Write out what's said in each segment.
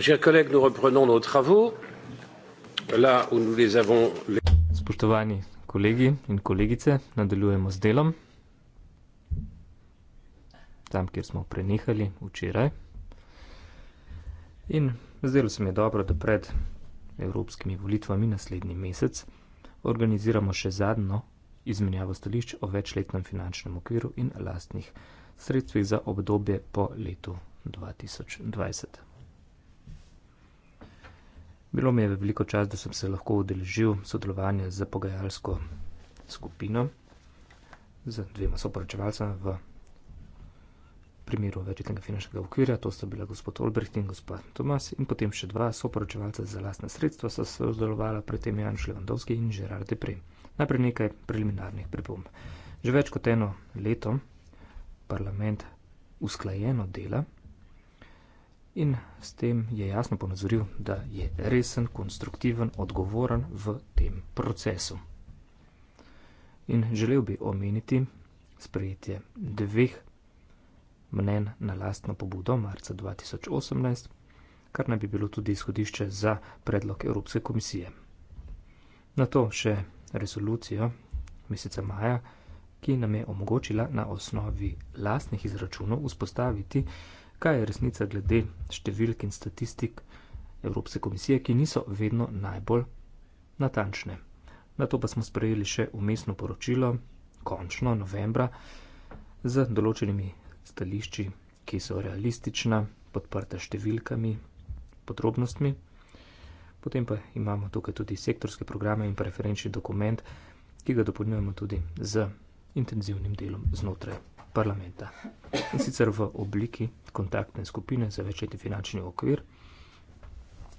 Chers collègues, nous reprenons nos travaux là où nous les avons Spoštovani kolegi in kolegice, nadaljujemo z delom. Tam, kjer smo prenehali včeraj. In zdelo se mi je dobro, da pred evropskimi volitvami naslednji mesec organiziramo še zadnjo izmenjavo stališč o večletnem finančnem okviru in lastnih sredstvih za obdobje po letu 2020. Bilo mi je veliko čas, da sem se lahko udeležil sodelovanja z pogajalsko skupino, z dvema soporočevalcema v primeru večletnega finančnega okvirja, to sta bila gospod Olbricht in gospod Tomas, in potem še dva soporočevalca za lastne sredstva so se sodelovala pri tem Janš Levandovski in Gerard Depre. Najprej nekaj preliminarnih pripomb. Že več kot eno leto parlament usklajeno dela, In s tem je jasno ponazoril, da je resen, konstruktiven, odgovoren v tem procesu. In želel bi omeniti sprejetje dveh mnen na lastno pobudo marca 2018, kar naj bi bilo tudi izhodišče za predlog Evropske komisije. Na to še resolucijo meseca maja, ki nam je omogočila na osnovi lastnih izračunov vzpostaviti kaj je resnica glede številk in statistik Evropske komisije, ki niso vedno najbolj natančne. Na to pa smo sprejeli še umestno poročilo, končno novembra, z določenimi stališči, ki so realistična, podprta številkami, podrobnostmi. Potem pa imamo tukaj tudi sektorske programe in preferenčni dokument, ki ga dopolnjujemo tudi z intenzivnim delom znotraj parlamenta. In sicer v obliki kontaktne skupine za večletni finančni okvir,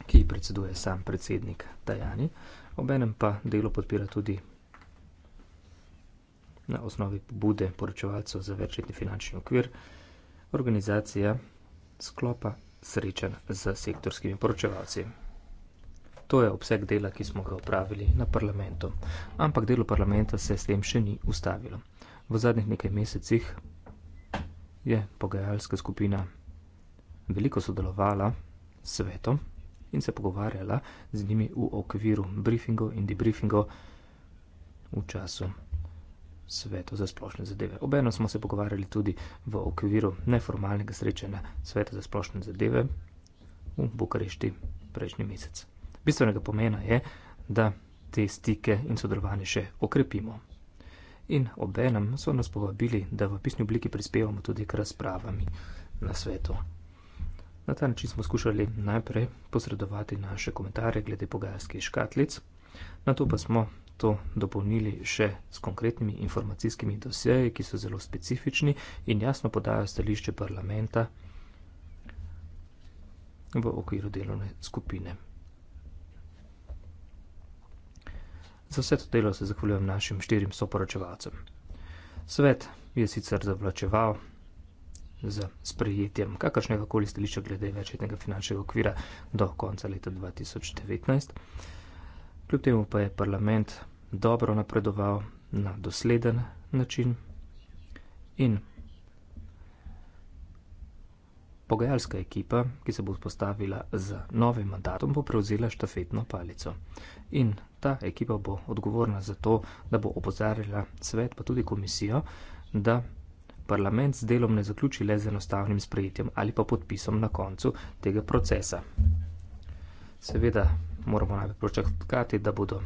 ki ji predseduje sam predsednik Tajani, obenem pa delo podpira tudi na osnovi pobude poročevalcev za večletni finančni okvir organizacija sklopa srečen z sektorskimi poročevalci. To je obseg dela, ki smo ga upravili na parlamentu. Ampak delo parlamenta se s tem še ni ustavilo. V zadnjih nekaj mesecih je pogajalska skupina veliko sodelovala s svetom in se pogovarjala z njimi v okviru briefingov in debriefingov v času sveta za splošne zadeve. Obeno smo se pogovarjali tudi v okviru neformalnega srečanja sveta za splošne zadeve v Bukarešti prejšnji mesec. Bistvenega pomena je, da te stike in sodelovanje še okrepimo in obenem so nas povabili, da v pisni obliki prispevamo tudi k razpravam na svetu. Na ta način smo skušali najprej posredovati naše komentarje glede pogajalskih škatlic, na to pa smo to dopolnili še s konkretnimi informacijskimi doseji, ki so zelo specifični in jasno podajo stališče parlamenta v okviru delovne skupine. Za vse to delo se zahvaljujem našim štirim soporočevalcem. Svet je sicer zavlačeval z sprejetjem kakršnega koli stališča glede večjetnega finančnega okvira do konca leta 2019. Kljub temu pa je parlament dobro napredoval na dosleden način in pogajalska ekipa, ki se bo vzpostavila z novim mandatom, bo prevzela štafetno palico. In ta ekipa bo odgovorna za to, da bo opozarjala svet, pa tudi komisijo, da parlament z delom ne zaključi le z enostavnim sprejetjem ali pa podpisom na koncu tega procesa. Seveda moramo najprej počakati, da bodo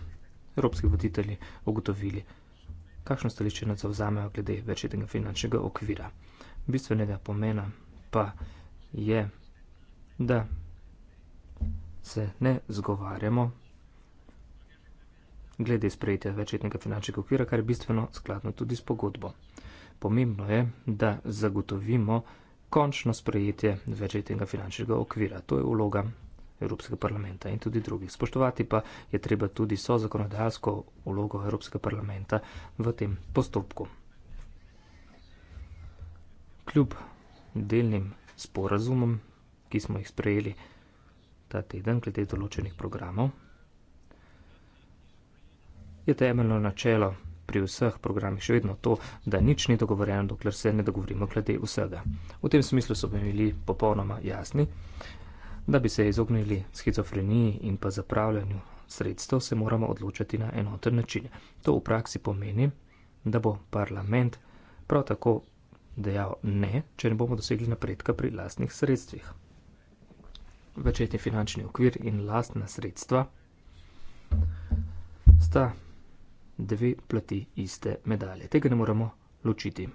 evropski voditelji ugotovili, kakšno stališče nad zavzamejo glede večjega finančnega okvira. Bistvenega pomena pa je, da se ne zgovarjamo, glede sprejetja večletnega finančnega okvira, kar je bistveno skladno tudi s pogodbo. Pomembno je, da zagotovimo končno sprejetje večletnega finančnega okvira. To je uloga Evropskega parlamenta in tudi drugih. Spoštovati pa je treba tudi so zakonodajsko ulogo Evropskega parlamenta v tem postopku. Kljub delnim sporazumom, ki smo jih sprejeli ta teden, glede določenih programov, je temeljno načelo pri vseh programih še vedno to, da nič ni dogovorjeno, dokler se ne dogovorimo glede vsega. V tem smislu so bili popolnoma jasni, da bi se izognili schizofreniji in pa zapravljanju sredstev, se moramo odločiti na enoten način. To v praksi pomeni, da bo parlament prav tako dejal ne, če ne bomo dosegli napredka pri lastnih sredstvih. Večetni finančni okvir in lastna sredstva sta dve plati iste medalje. Tega ne moremo ločiti.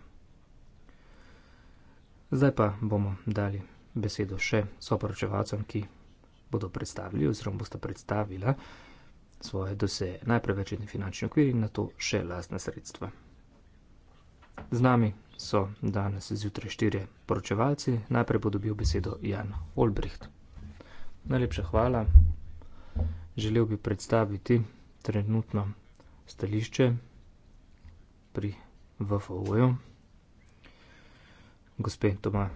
Zdaj pa bomo dali besedo še soporočevalcem, ki bodo predstavili oziroma boste predstavila svoje doseje. Najprej večetni finančni okvir in na to še lastne sredstva. Z nami so danes zjutraj štirje poročevalci. Najprej bo dobil besedo Jan Olbricht. Najlepša hvala. Želel bi predstaviti trenutno stališče pri VFO-ju. Gospe Toma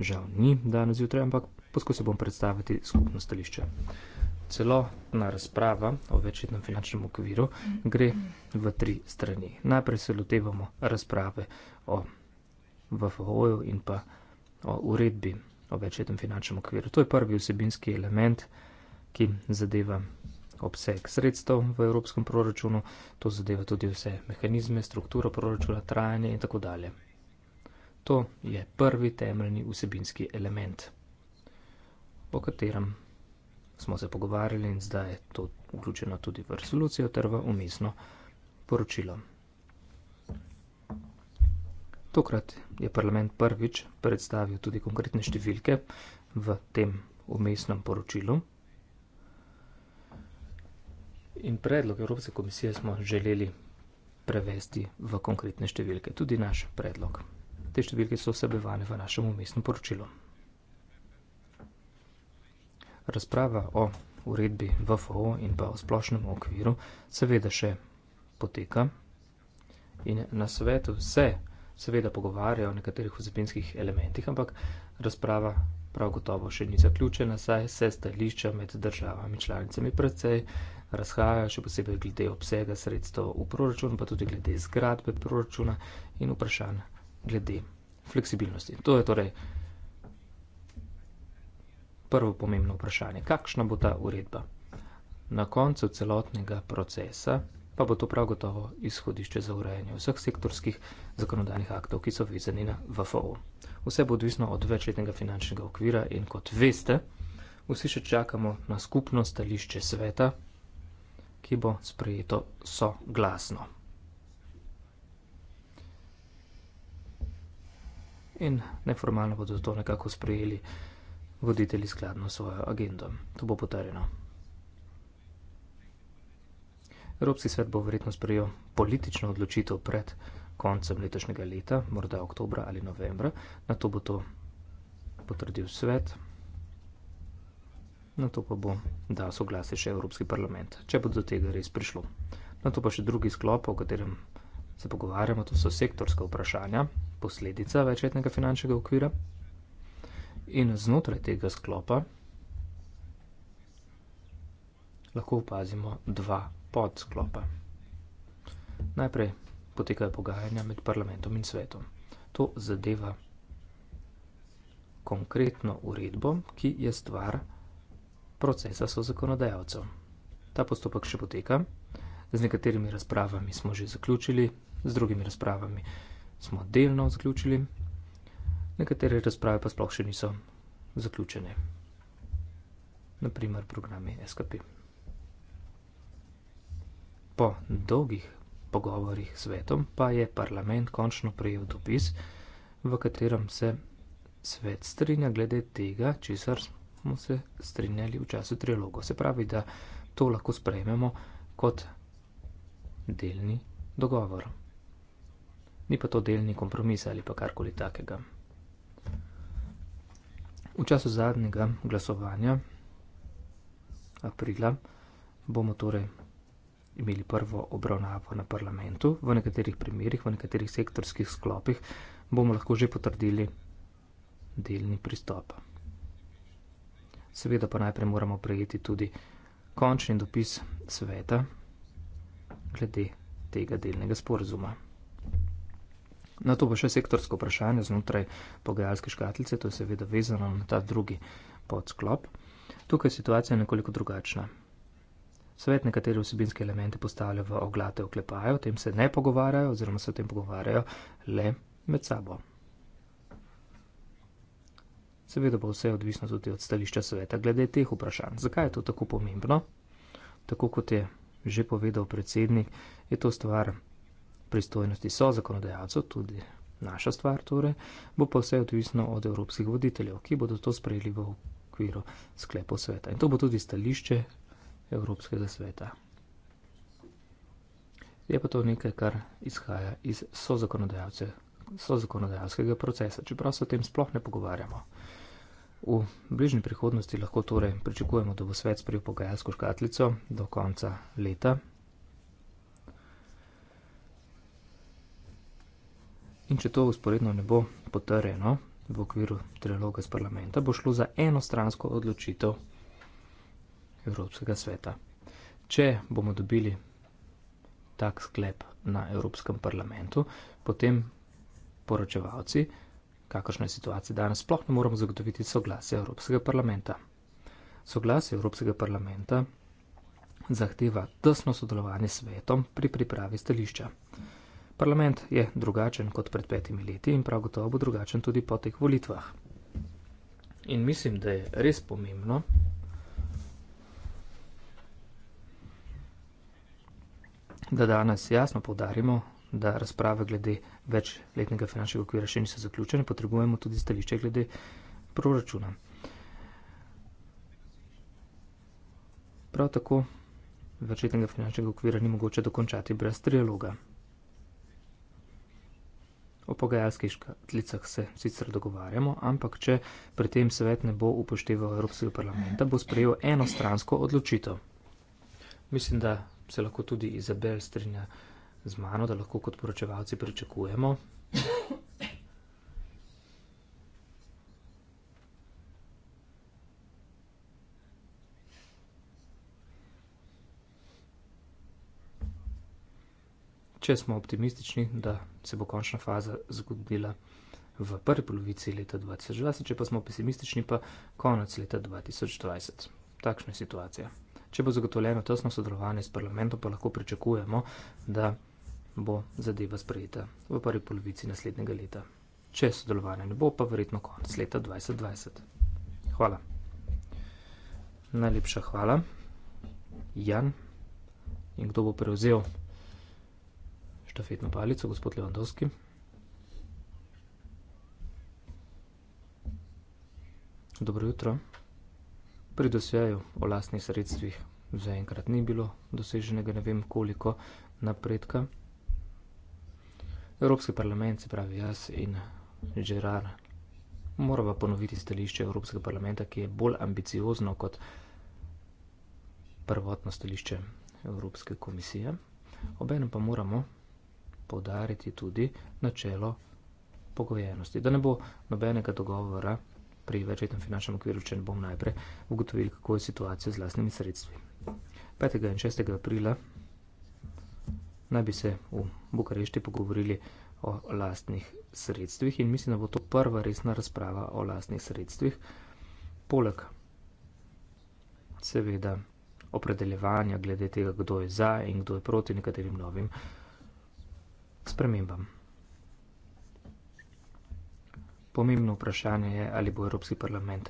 žal ni danes zjutraj, ampak poskusil bom predstaviti skupno stališče. Celotna razprava o večletnem finančnem okviru gre v tri strani. Najprej se lotevamo razprave o VFO-ju in pa o uredbi o večletnem finančnem okviru. To je prvi vsebinski element, ki zadeva obseg sredstev v evropskem proračunu, to zadeva tudi vse mehanizme, strukturo proračuna, trajanje in tako dalje. To je prvi temeljni vsebinski element, o katerem smo se pogovarjali in zdaj je to vključeno tudi v resolucijo ter v umestno poročilo. Tokrat je parlament prvič predstavil tudi konkretne številke v tem umestnem poročilu. In predlog Evropske komisije smo želeli prevesti v konkretne številke, tudi naš predlog. Te številke so vsebevane v našem umestnem poročilu. Razprava o uredbi VFO in pa o splošnem okviru seveda še poteka in na svetu se seveda pogovarja o nekaterih vsebinskih elementih, ampak razprava prav gotovo še ni zaključena, saj se stališča med državami članicami precej razhajajo, še posebej glede obsega sredstev v proračunu, pa tudi glede zgradbe proračuna in vprašanj glede fleksibilnosti. To je torej prvo pomembno vprašanje. Kakšna bo ta uredba? Na koncu celotnega procesa pa bo to prav gotovo izhodišče za urejanje vseh sektorskih zakonodajnih aktov, ki so vezani na VFO. Vse bo odvisno od večletnega finančnega okvira in kot veste, vsi še čakamo na skupno stališče sveta, ki bo sprejeto soglasno. In neformalno bodo to nekako sprejeli voditelji skladno svojo agendo. To bo potrjeno. Evropski svet bo verjetno sprejel politično odločitev pred koncem letošnjega leta, morda oktobra ali novembra, na to bo to potrdil svet na to pa bo dal soglasje še Evropski parlament, če bo do tega res prišlo. Na to pa še drugi sklop, o katerem se pogovarjamo, to so sektorska vprašanja, posledica večletnega finančnega okvira. In znotraj tega sklopa lahko opazimo dva podsklopa. Najprej potekajo pogajanja med parlamentom in svetom. To zadeva konkretno uredbo, ki je stvar vsega procesa so zakonodajalcev. Ta postopek še poteka, z nekaterimi razpravami smo že zaključili, z drugimi razpravami smo delno zaključili, nekatere razprave pa sploh še niso zaključene. Naprimer, programi SKP. Po dolgih pogovorih s svetom pa je parlament končno prejel dopis, v katerem se svet strinja glede tega, česar smo smo se strinjali v času trilogov. Se pravi, da to lahko sprejmemo kot delni dogovor. Ni pa to delni kompromis ali pa karkoli takega. V času zadnjega glasovanja, aprila, bomo torej imeli prvo obravnavo na parlamentu, v nekaterih primerjih, v nekaterih sektorskih sklopih bomo lahko že potrdili delni pristop. Seveda pa najprej moramo prejeti tudi končni dopis sveta glede tega delnega sporazuma. Na to pa še sektorsko vprašanje znotraj pogajalske škatlice, to je seveda vezano na ta drugi podsklop. Tukaj je situacija nekoliko drugačna. Svet nekatere vsebinske elemente postavlja v oglate oklepaje, o tem se ne pogovarjajo oziroma se o tem pogovarjajo le med sabo. Seveda pa vse je odvisno tudi od stališča sveta glede teh vprašanj. Zakaj je to tako pomembno? Tako kot je že povedal predsednik, je to stvar pristojnosti so zakonodajalcev, tudi naša stvar, torej bo pa vse odvisno od evropskih voditeljev, ki bodo to sprejeli v okviru sklepov sveta. In to bo tudi stališče Evropskega sveta. Je pa to nekaj, kar izhaja iz so zakonodajalcev. So zakonodajalskega procesa, čeprav se o tem sploh ne pogovarjamo. V bližnji prihodnosti lahko torej pričakujemo, da bo svet sprejel pogajalsko škatlico do konca leta. In če to usporedno ne bo potrjeno v okviru triloga s parlamenta, bo šlo za enostransko odločitev Evropskega sveta. Če bomo dobili tak sklep na Evropskem parlamentu, potem poročevalci kakršno je situacija danes, sploh ne moremo zagotoviti soglasja Evropskega parlamenta. Soglasje Evropskega parlamenta zahteva tesno sodelovanje s svetom pri pripravi stališča. Parlament je drugačen kot pred petimi leti in prav gotovo bo drugačen tudi po teh volitvah. In mislim, da je res pomembno, da danes jasno povdarimo, da razprave glede večletnega finančnega okvira še niso zaključene, potrebujemo tudi stališče glede proračuna. Prav tako večletnega finančnega okvira ni mogoče dokončati brez trialoga. O pogajalskih klicah se sicer dogovarjamo, ampak če pri tem svet ne bo upošteval Evropskega parlamenta, bo sprejel enostransko odločitev. Mislim, da se lahko tudi Izabel strinja z mano, da lahko kot poročevalci pričakujemo. Če smo optimistični, da se bo končna faza zgodila v prvi polovici leta 2020, če pa smo pesimistični, pa konec leta 2020. Takšna je situacija. Če bo zagotovljeno tesno sodelovanje s parlamentom, pa lahko pričakujemo, da bo zadeva sprejeta v prvi polovici naslednjega leta. Če sodelovanja ne bo, pa verjetno konec leta 2020. Hvala. Najlepša hvala, Jan. In kdo bo prevzel štafetno palico, gospod Levandovski? Dobro jutro. Pri dosjeju o lastnih sredstvih zaenkrat ni bilo doseženega, ne vem koliko napredka. Evropski parlament, se pravi jaz in Gerard, morava ponoviti stališče Evropskega parlamenta, ki je bolj ambiciozno kot prvotno stališče Evropske komisije. Obenem pa moramo podariti tudi načelo pogojenosti, da ne bo nobenega dogovora pri večletnem finančnem okviru, če ne bom najprej ugotovili, kako je situacija z lastnimi sredstvi. 5. in 6. aprila naj bi se v Bukarešti pogovorili o lastnih sredstvih in mislim, da bo to prva resna razprava o lastnih sredstvih, poleg seveda opredeljevanja glede tega, kdo je za in kdo je proti nekaterim novim spremembam. Pomembno vprašanje je, ali bo Evropski parlament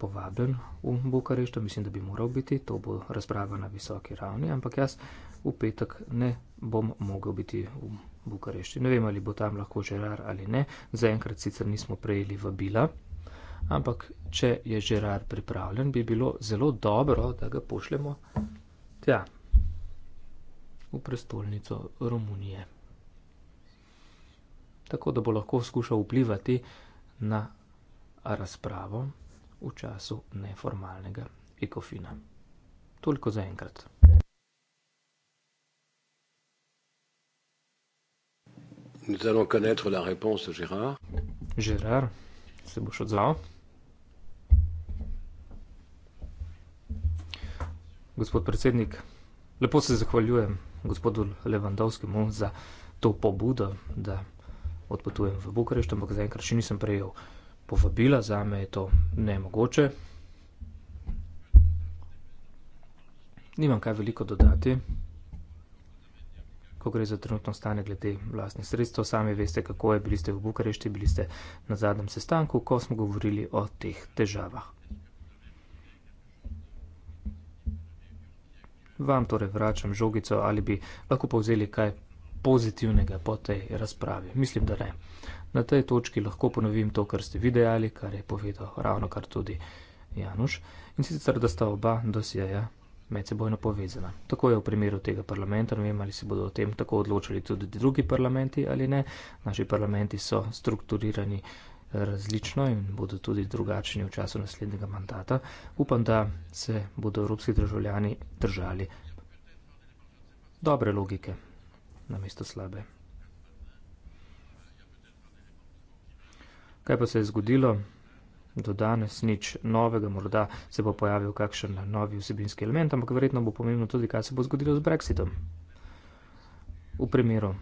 povabljen v Bukarešti, mislim, da bi moral biti, to bo razprava na visoki ravni, ampak jaz v petek ne bom mogel biti v Bukarešti. Ne vem, ali bo tam lahko Žerar ali ne, zaenkrat sicer nismo prejeli vabila, ampak če je Žerar pripravljen, bi bilo zelo dobro, da ga pošljemo tja, v prestolnico Romunije. Tako da bo lahko skušal vplivati na razpravo v času neformalnega ekofina. Toliko za enkrat. Nous allons connaître la réponse, Gérard. Gérard, c'est beau chose là. Gospod predsednik, lepo se zahvaljujem gospodu Levandovskemu za to pobudo, da odpotujem v Bukarešt, ampak zaenkrat še nisem prejel uh, povabila, zame je to nemogoče. Nimam kaj veliko dodati, ko gre za trenutno stanje glede vlastnih sredstev. Sami veste, kako je, bili ste v Bukarešti, bili ste na zadnjem sestanku, ko smo govorili o teh težavah. Vam torej vračam žogico, ali bi lahko povzeli kaj pozitivnega po tej razpravi. Mislim, da ne. Na tej točki lahko ponovim to, kar ste vi dejali, kar je povedal ravno kar tudi Januš, in sicer, da sta oba dosjeja medsebojno povezana. Tako je v primeru tega parlamenta, ne vem, ali se bodo o tem tako odločili tudi drugi parlamenti ali ne. Naši parlamenti so strukturirani različno in bodo tudi drugačni v času naslednjega mandata. Upam, da se bodo evropski državljani držali dobre logike namesto slabe. Kaj pa se je zgodilo? Do danes nič novega, morda se bo pojavil kakšen novi vsebinski element, ampak verjetno bo pomembno tudi, kaj se bo zgodilo z Brexitom. V primeru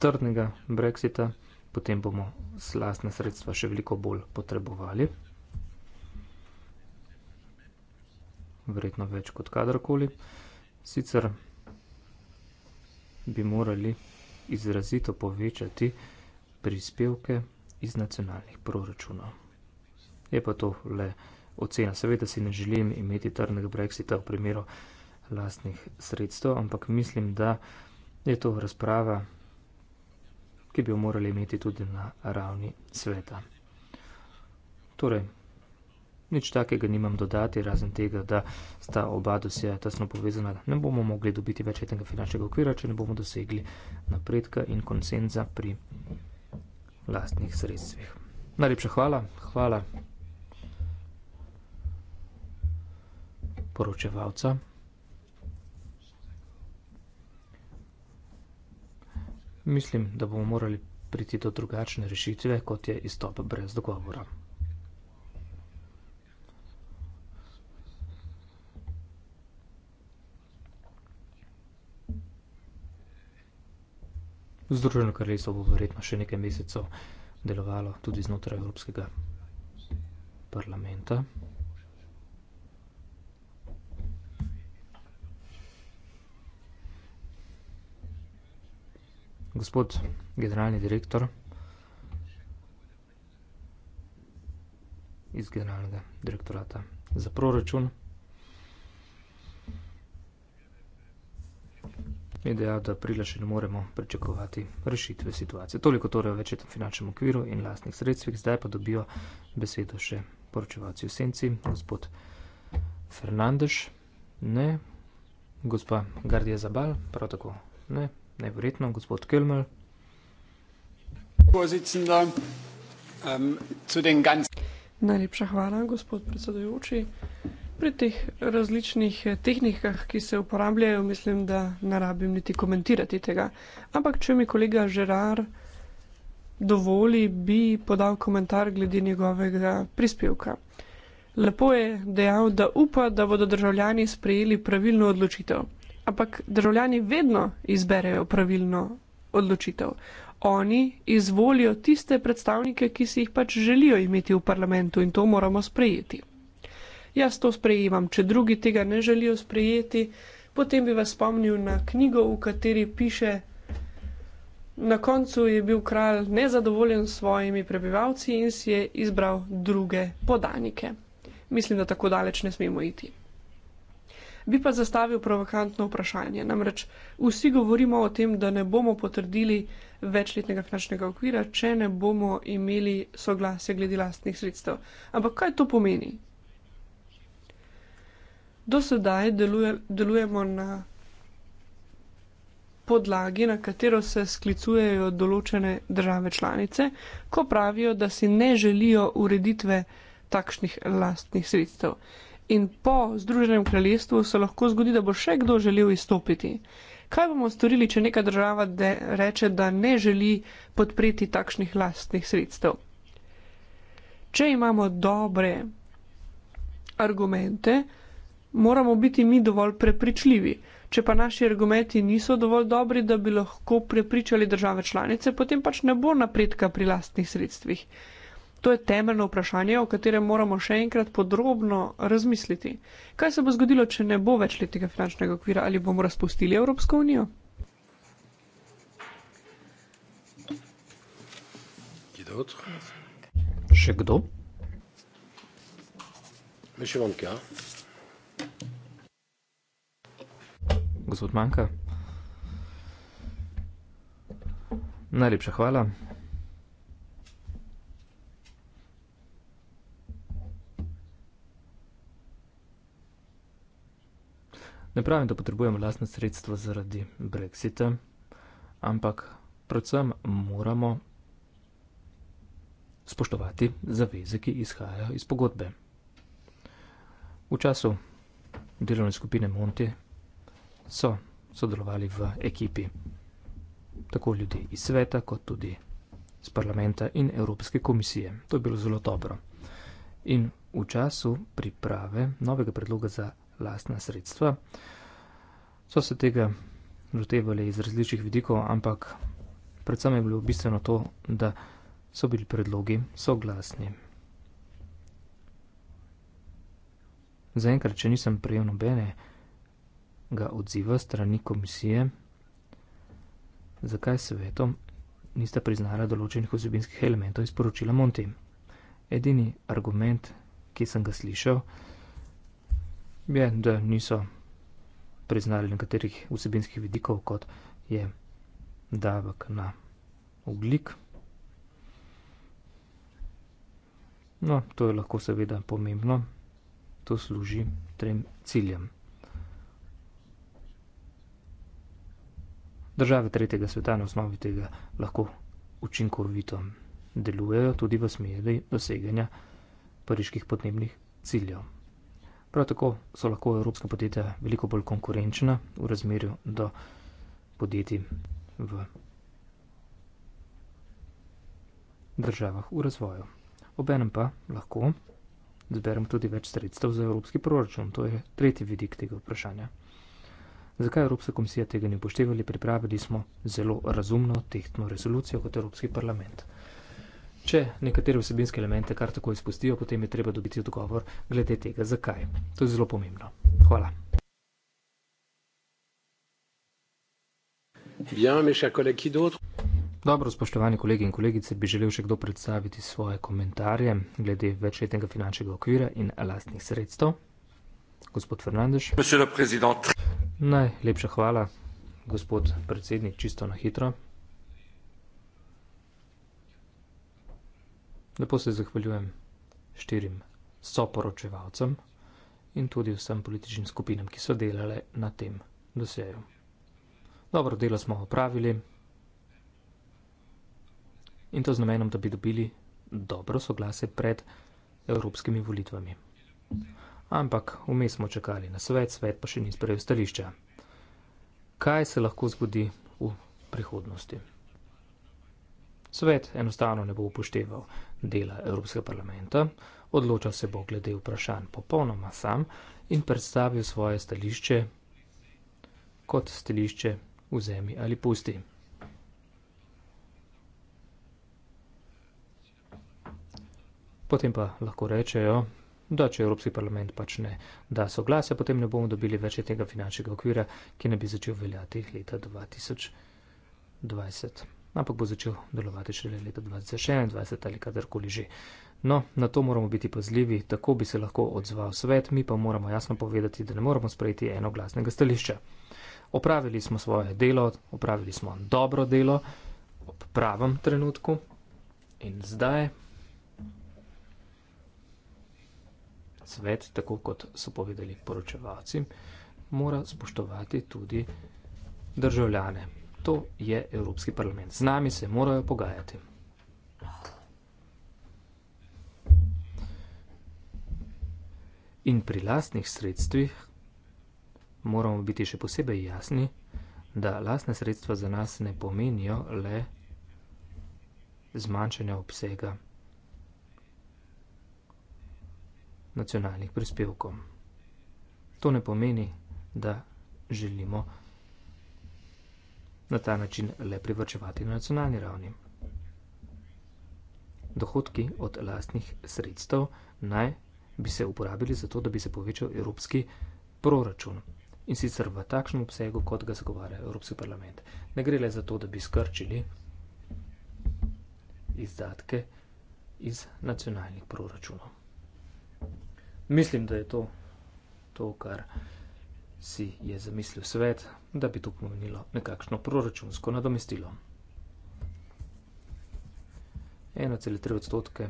trdnega Brexita, potem bomo slastna sredstva še veliko bolj potrebovali. Verjetno več kot kadarkoli. Sicer bi morali izrazito povečati vsebnost, prispevke iz nacionalnih proračunov. Je pa to le ocena. Seveda si ne želim imeti trdnega brexita v primeru lastnih sredstev, ampak mislim, da je to razprava, ki bi jo morali imeti tudi na ravni sveta. Torej, nič takega nimam dodati, razen tega, da sta oba dosija tesno povezana. Ne bomo mogli dobiti večetnega finančnega okvira, če ne bomo dosegli napredka in konsenza pri lastnih sredstvih. Najlepša hvala, hvala poročevalca. Mislim, da bomo morali priti do drugačne rešitve, kot je izstop brez dogovora. Združeno kraljestvo bo verjetno še nekaj mesecev delovalo tudi znotraj Evropskega parlamenta. Gospod generalni direktor iz generalnega direktorata za proračun. je dejal, da aprila še ne moremo pričakovati rešitve situacije. Toliko torej o večjem finančnem okviru in lastnih sredstvih, zdaj pa dobijo besedo še poročevalci v senci, gospod Fernandeš, ne, gospa Gardija Zabal, prav tako ne, najverjetno gospod Kelmel. Ehm, um, ganz... Najlepša hvala, gospod predsedujoči pri teh različnih eh, tehnikah, ki se uporabljajo, mislim, da ne rabim niti komentirati tega. Ampak, če mi kolega Žerar dovoli, bi podal komentar glede njegovega prispevka. Lepo je dejal, da upa, da bodo državljani sprejeli pravilno odločitev. Ampak državljani vedno izberejo pravilno odločitev. Oni izvolijo tiste predstavnike, ki si jih pač želijo imeti v parlamentu in to moramo sprejeti jaz to sprejemam, če drugi tega ne želijo sprejeti, potem bi vas spomnil na knjigo, v kateri piše, na koncu je bil kralj nezadovoljen s svojimi prebivalci in si je izbral druge podanike. Mislim, da tako daleč ne smemo iti. Bi pa zastavil provokantno vprašanje. Namreč vsi govorimo o tem, da ne bomo potrdili večletnega finančnega okvira, če ne bomo imeli soglasja glede lastnih sredstev. Ampak kaj to pomeni? do sedaj deluje, delujemo na podlagi, na katero se sklicujejo določene države članice, ko pravijo, da si ne želijo ureditve takšnih lastnih sredstev. In po Združenem kraljestvu se lahko zgodi, da bo še kdo želel izstopiti. Kaj bomo storili, če neka država de, reče, da ne želi podpreti takšnih lastnih sredstev? Če imamo dobre argumente, moramo biti mi dovolj prepričljivi. Če pa naši argumenti niso dovolj dobri, da bi lahko prepričali države članice, potem pač ne bo napredka pri lastnih sredstvih. To je temeljno vprašanje, o katerem moramo še enkrat podrobno razmisliti. Kaj se bo zgodilo, če ne bo več letega finančnega okvira ali bomo razpustili Evropsko unijo? Še kdo? Mišljenke, ja. gospod Manka. Najlepša hvala. Ne pravim, da potrebujemo lastne sredstva zaradi Brexita, ampak predvsem moramo spoštovati zaveze, ki izhajajo iz pogodbe. V času delovne skupine Monti so sodelovali v ekipi. Tako ljudi iz sveta, kot tudi iz parlamenta in Evropske komisije. To je bilo zelo dobro. In v času priprave novega predloga za lastna sredstva so se tega lotevali iz različnih vidikov, ampak predvsem je bilo bistveno to, da so bili predlogi soglasni. Zaenkrat, če nisem prejel nobene ga odziva strani komisije, zakaj svetom nista priznala določenih osebinskih elementov iz poročila Monti. Edini argument, ki sem ga slišal, je, da niso priznali nekaterih vsebinskih vidikov, kot je davek na oglik. No, to je lahko seveda pomembno, to služi trem ciljem. Države tretjega sveta na osnovi tega lahko učinkovito delujejo tudi v smeri doseganja pariških podnebnih ciljev. Prav tako so lahko evropska podjetja veliko bolj konkurenčna v razmerju do podjetij v državah v razvoju. Obenem pa lahko zberemo tudi več sredstev za evropski proračun. To je tretji vidik tega vprašanja. Zakaj Evropska komisija tega ni upoštevali? Pripravili smo zelo razumno, tehtno rezolucijo kot Evropski parlament. Če nekatere vsebinske elemente kar tako izpustijo, potem je treba dobiti odgovor glede tega, zakaj. To je zelo pomembno. Hvala. Dobro, spoštovani kolegi in kolegice, bi želel še kdo predstaviti svoje komentarje glede večletnega finančnega okvira in lastnih sredstev? Gospod Fernandez. Najlepša hvala, gospod predsednik, čisto na hitro. Lepo se zahvaljujem štirim soporočevalcem in tudi vsem političnim skupinam, ki so delale na tem doseju. Dobro delo smo opravili in to z namenom, da bi dobili dobro soglase pred evropskimi volitvami. Mm -hmm ampak vmes smo čakali na svet, svet pa še ni sprejel stališča. Kaj se lahko zgodi v prihodnosti? Svet enostavno ne bo upošteval dela Evropskega parlamenta, odločal se bo glede vprašanj popolnoma sam in predstavil svoje stališče kot stališče v zemi ali pusti. Potem pa lahko rečejo, da če Evropski parlament pač ne da soglasja, potem ne bomo dobili več tega finančnega okvira, ki ne bi začel veljati leta 2020. Ampak bo začel delovati šele leta 2021 ali kadarkoli že. No, na to moramo biti pazljivi, tako bi se lahko odzval svet, mi pa moramo jasno povedati, da ne moramo sprejeti enoglasnega stališča. Opravili smo svoje delo, opravili smo dobro delo ob pravem trenutku in zdaj. svet, tako kot so povedali poročevalci, mora spoštovati tudi državljane. To je Evropski parlament. Z nami se morajo pogajati. In pri lastnih sredstvih moramo biti še posebej jasni, da lastne sredstva za nas ne pomenijo le zmanjšanja obsega nacionalnih prispevkov. To ne pomeni, da želimo na ta način le privrčevati na nacionalni ravni. Dohodki od lastnih sredstev naj bi se uporabili za to, da bi se povečal evropski proračun. In sicer v takšnem obsegu, kot ga zagovarja Evropski parlament. Ne gre le za to, da bi skrčili izdatke iz nacionalnih proračunov mislim, da je to, to kar si je zamislil svet, da bi to pomenilo nekakšno proračunsko nadomestilo. 1,3 odstotke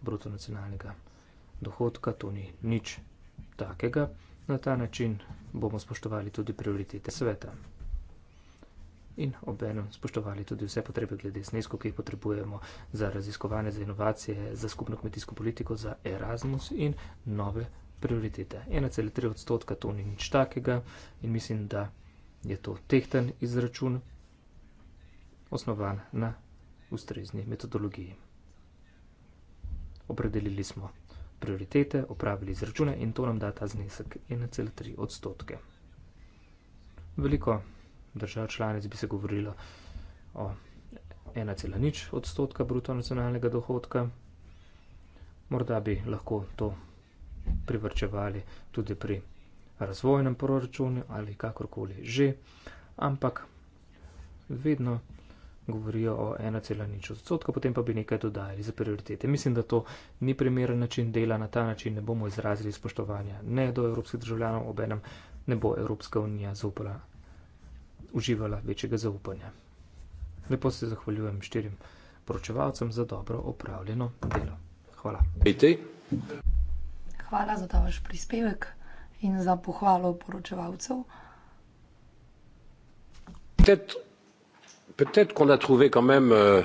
bruto nacionalnega dohodka, to ni nič takega. Na ta način bomo spoštovali tudi prioritete sveta in obenem spoštovali tudi vse potrebe glede sneskov, ki jih potrebujemo za raziskovanje, za inovacije, za skupno kmetijsko politiko, za Erasmus in nove prioritete. 1,3 odstotka to ni nič takega in mislim, da je to tehten izračun, osnovan na ustrezni metodologiji. Opredelili smo prioritete, opravili izračune in to nam da ta znesek 1,3 odstotke. Veliko držav članic bi se govorilo o 1,0 odstotka bruto nacionalnega dohodka. Morda bi lahko to privrčevali tudi pri razvojnem proračunu ali kakorkoli že, ampak vedno govorijo o 1,0 odstotka, potem pa bi nekaj dodajali za prioritete. Mislim, da to ni primeren način dela, na ta način ne bomo izrazili spoštovanja ne do evropskih državljanov, obenem ne bo Evropska unija zaupala uživala večjega zaupanja. Lepo se zahvaljujem štirim poročevalcem za dobro opravljeno delo. Hvala. Hvala za ta vaš prispevek in za pohvalo poročevalcev. Peut-être qu'on a trouvé quand même. Euh,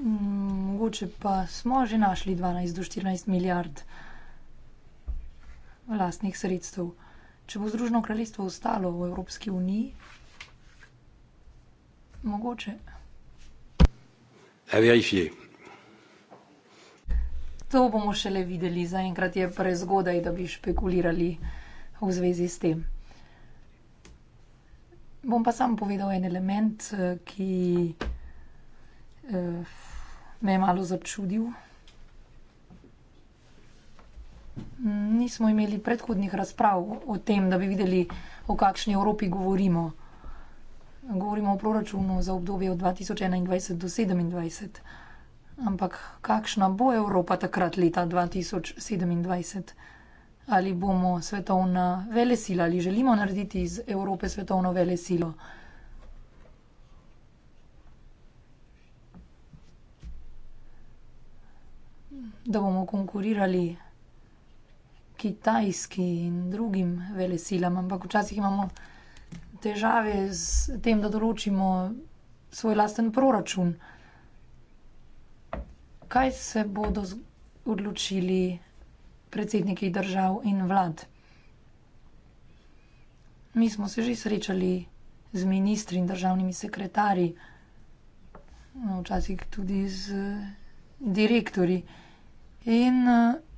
mm, mogoče pa smo že našli 12 do 14 milijard lastnih sredstev. Če bo Združeno kraljestvo ostalo v Evropski uniji, mogoče. To bomo šele videli, zaenkrat je prezgodaj, da bi špekulirali v zvezi s tem. Bom pa sam povedal en element, ki eh, me je malo začudil. nismo imeli predhodnih razprav o tem, da bi videli, o kakšni Evropi govorimo. Govorimo o proračunu za obdobje od 2021 do 2027. Ampak kakšna bo Evropa takrat leta 2027? Ali bomo svetovna velesila ali želimo narediti iz Evrope svetovno velesilo? Da bomo konkurirali Kitajski in drugim velesilam, ampak včasih imamo težave z tem, da določimo svoj lasten proračun. Kaj se bodo odločili predsedniki držav in vlad? Mi smo se že srečali z ministri in državnimi sekretarji, no, včasih tudi z direktori. In uh,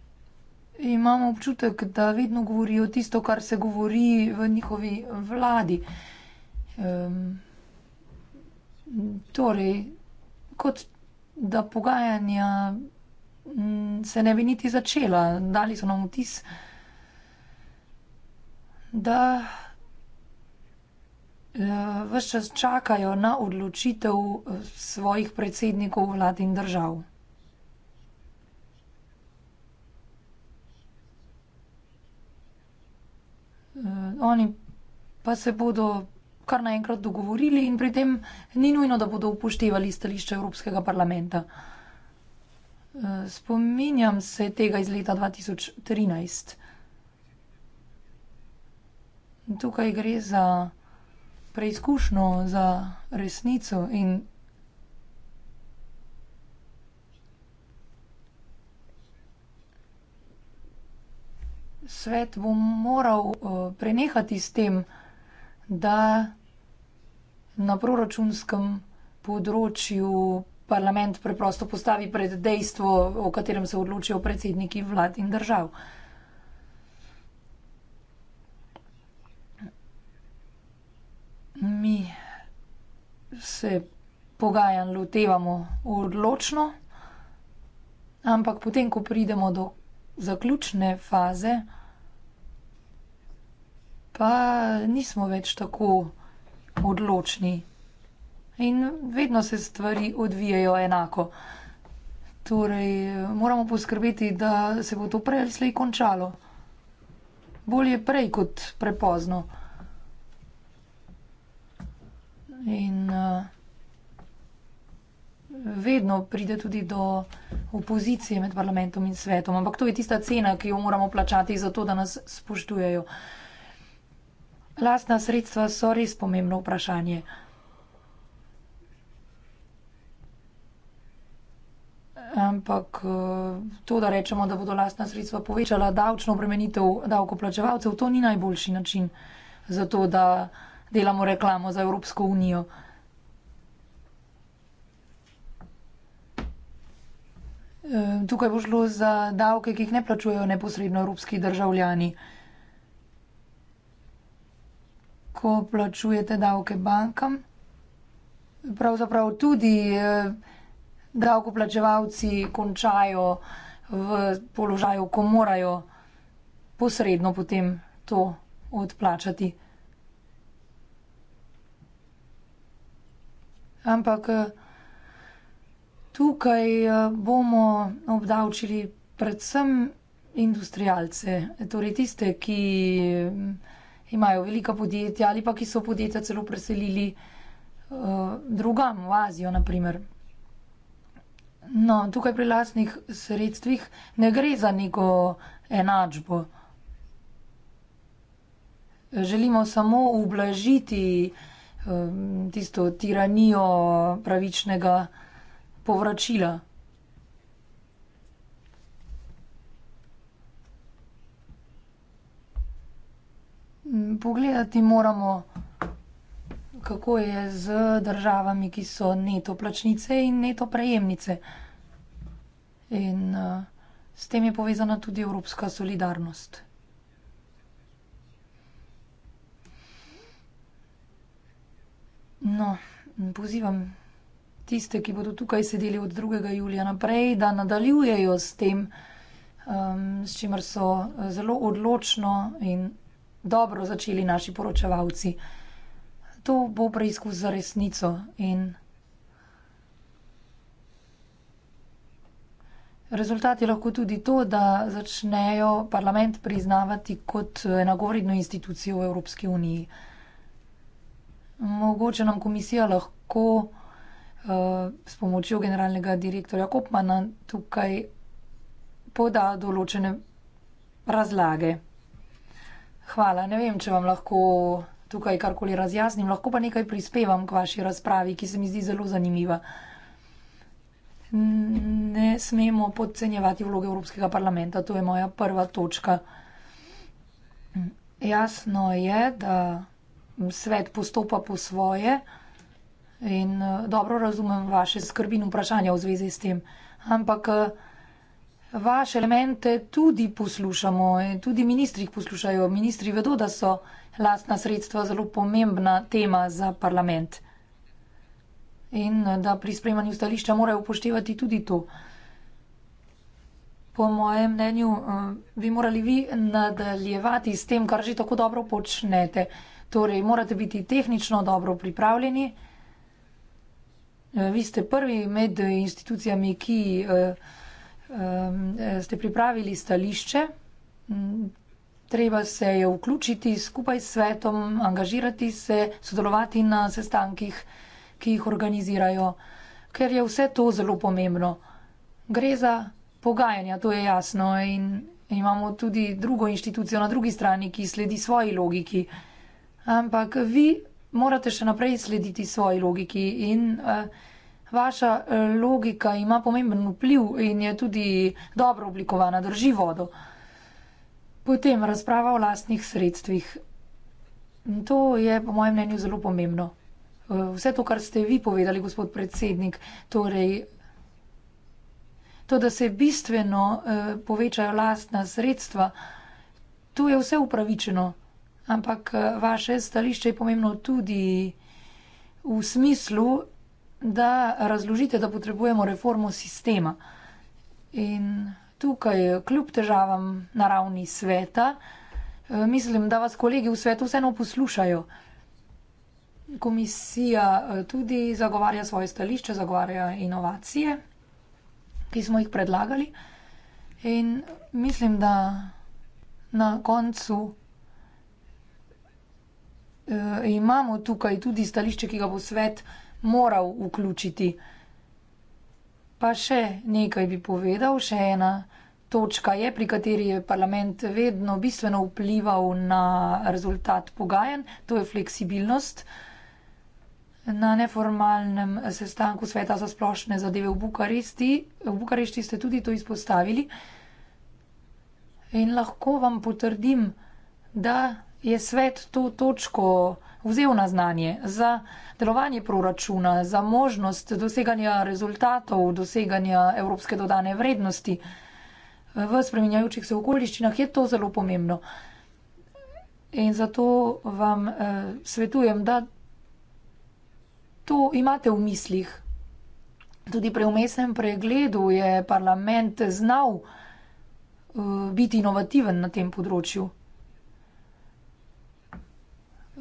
imam občutek, da vedno govorijo tisto, kar se govori v njihovi vladi. Um, torej, kot da pogajanja se ne bi niti začela, dali so nam vtis, da eh, vse čas čakajo na odločitev eh, svojih predsednikov vlad in držav. Uh, oni pa se bodo kar naenkrat dogovorili in pri tem ni nujno, da bodo upoštevali stališče Evropskega parlamenta. Eh, spominjam se tega iz leta 2013. Tukaj gre za preizkušnjo, za resnico in svet bo moral uh, prenehati s tem, da na proračunskem področju parlament preprosto postavi pred dejstvo, o katerem se odločijo predsedniki vlad in držav. Mi se pogajanj lotevamo odločno, ampak potem, ko pridemo do zaključne faze, pa nismo več tako odločni. In vedno se stvari odvijajo enako. Torej, moramo poskrbeti, da se bo to prej ali slej končalo. Bolje prej kot prepozno. In. Uh, vedno pride tudi do opozicije med parlamentom in svetom, ampak to je tista cena, ki jo moramo plačati za to, da nas spoštujejo. Lastna sredstva so res pomembno vprašanje. Ampak to, da rečemo, da bodo lastna sredstva povečala davčno obremenitev davkoplačevalcev, to ni najboljši način za to, da delamo reklamo za Evropsko unijo. Tukaj bo šlo za davke, ki jih ne plačujejo neposredno evropski državljani. Ko plačujete davke bankam, pravzaprav tudi eh, davkoplačevalci končajo v položaju, ko morajo posredno potem to odplačati. Ampak. Eh, Tukaj eh, bomo obdavčili predvsem industrijalce, torej tiste, ki eh, imajo velika podjetja ali pa ki so podjetja celo preselili uh, drugam, v Azijo naprimer. No, tukaj pri lastnih sredstvih ne gre za neko enačbo. Želimo samo ublažiti uh, tisto tiranijo pravičnega. Povračila. Mm, pogledati moramo, kako je z državami, ki so neto plačnice in neto prejemnice. In uh, s tem je povezana tudi evropska solidarnost. No, pozivam tiste, ki bodo tukaj sedeli od 2. julija naprej, da nadaljujejo s tem, um, s čimer so eh, zelo odločno in dobro začeli naši poročevalci. To bo preizkus za resnico in rezultat je lahko tudi to, da začnejo parlament priznavati kot eh, enagovredno institucijo v Evropski uniji. Mogoče nam komisija lahko. Eh, s pomočjo generalnega direktorja Kopmana tukaj poda določene razlage. Hvala, ne vem, če vam lahko tukaj karkoli razjasnim, lahko pa nekaj prispevam k vaši razpravi, ki se mi zdi zelo zanimiva. Ne smemo podcenjevati vloge Evropskega parlamenta, to je moja prva točka. Jasno je, da svet postopa po svoje in eh, dobro razumem vaše skrbi in vprašanja v zvezi s tem. Ampak eh, vaše elemente tudi poslušamo in tudi ministri jih poslušajo. Ministri vedo, da so lastna sredstva zelo pomembna tema za parlament in eh, da pri sprejmanju stališča morajo upoštevati tudi to. Po mojem mnenju bi morali vi nadaljevati s tem, kar že tako dobro počnete. Torej, morate biti tehnično dobro pripravljeni. Eh, vi ste prvi med institucijami, ki eh, eh, ste pripravili stališče. Mm, treba se je vključiti skupaj s svetom, angažirati se, sodelovati na sestankih, ki jih organizirajo, ker je vse to zelo pomembno. Gre za pogajanja, to je jasno, in imamo tudi drugo inštitucijo na drugi strani, ki sledi svoji logiki. Ampak vi morate še naprej slediti svoji logiki in uh, vaša eh, logika ima pomemben vpliv in je tudi dobro oblikovana, drži vodo. Potem razprava o lastnih sredstvih. In to je po mojem mnenju zelo pomembno. Eh, vse to, kar ste vi povedali, gospod predsednik, torej to, da se bistveno eh, povečajo lastna sredstva, to je vse upravičeno. Ampak vaše stališče je pomembno tudi v smislu, da razložite, da potrebujemo reformo sistema. In tukaj, kljub težavam na ravni sveta, eh, mislim, da vas kolegi v svetu vseeno poslušajo. Komisija eh, tudi zagovarja svoje stališče, zagovarja inovacije, ki smo jih predlagali. In mislim, da na koncu e, imamo tukaj tudi stališče, ki ga bo svet moral vključiti. Pa še nekaj bi povedal, še ena točka je, pri kateri je parlament vedno bistveno vplival na rezultat pogajanj, to je fleksibilnost. Na neformalnem sestanku Sveta za splošne zadeve v Bukarešti, v Bukarešti ste tudi to izpostavili in lahko vam potrdim, da je svet to točko vzel na znanje za delovanje proračuna, za možnost doseganja rezultatov, doseganja evropske dodane vrednosti v spremenjajočih se okoliščinah, je to zelo pomembno. In zato vam eh, svetujem, da to imate v mislih. Tudi pri umestnem pregledu je parlament znal eh, biti inovativen na tem področju.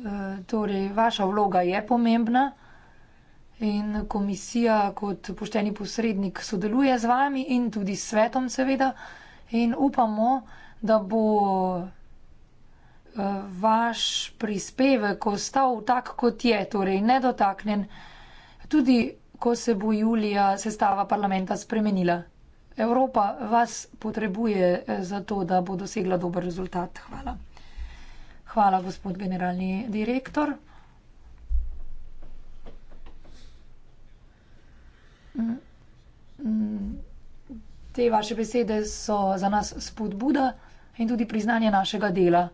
Eh, torej, vaša vloga je pomembna in komisija kot pošteni posrednik sodeluje z vami in tudi s svetom, seveda, in upamo, da bo eh, vaš prispevek ostal tak, kot je, torej nedotaknen, tudi ko se bo julija sestava parlamenta spremenila. Evropa vas potrebuje eh, za to, da bo dosegla dober rezultat. Hvala. Hvala, gospod generalni direktor. Te vaše besede so za nas spodbuda in tudi priznanje našega dela.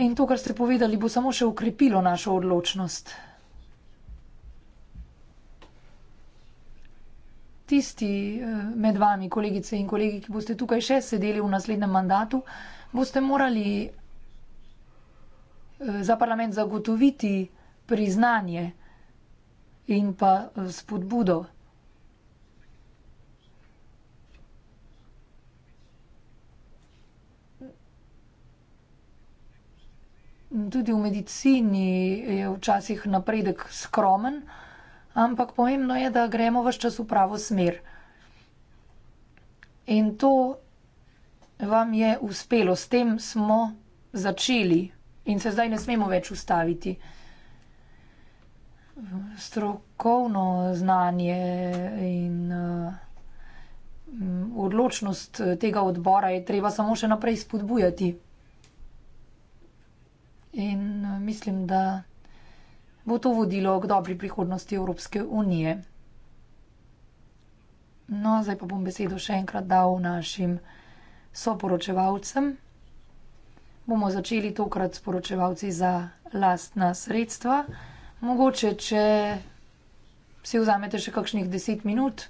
In to, kar ste povedali, bo samo še ukrepilo našo odločnost. Tisti eh, med vami, kolegice in kolegi, ki boste tukaj še sedeli v naslednjem mandatu, boste morali Eh, za parlament zagotoviti priznanje in pa eh, spodbudo. Tudi v medicini je včasih napredek skromen, ampak pomembno je, da gremo vse čas v pravo smer. In to vam je uspelo, s tem smo začeli in se zdaj ne smemo več ustaviti. Strokovno znanje in uh, odločnost eh, tega odbora je treba samo še naprej spodbujati. In eh, mislim, da bo to vodilo k dobri prihodnosti Evropske unije. No, zdaj pa bom besedo še enkrat dal našim soporočevalcem bomo začeli tokrat s poročevalci za lastna sredstva. Mogoče, če si vzamete še kakšnih deset minut.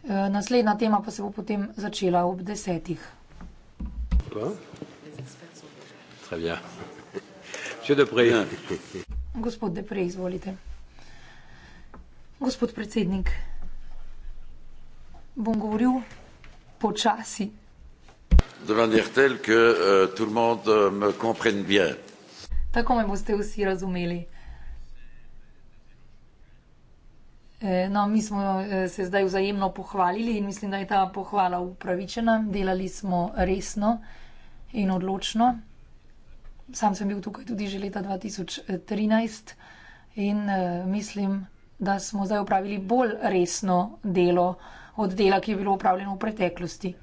E, naslednja tema pa se bo potem začela ob desetih. Gospod Deprej, izvolite. Gospod predsednik, bom govoril počasi, de manière telle que euh, tout le monde euh, me comprenne bien. Tako me boste vsi razumeli. Eh, no, mi smo eh, se zdaj vzajemno pohvalili in mislim, da je ta pohvala upravičena. Delali smo resno in odločno. Sam sem bil tukaj tudi že leta 2013 in eh, mislim, da smo zdaj upravili bolj resno delo od dela, ki je bilo upravljeno v preteklosti.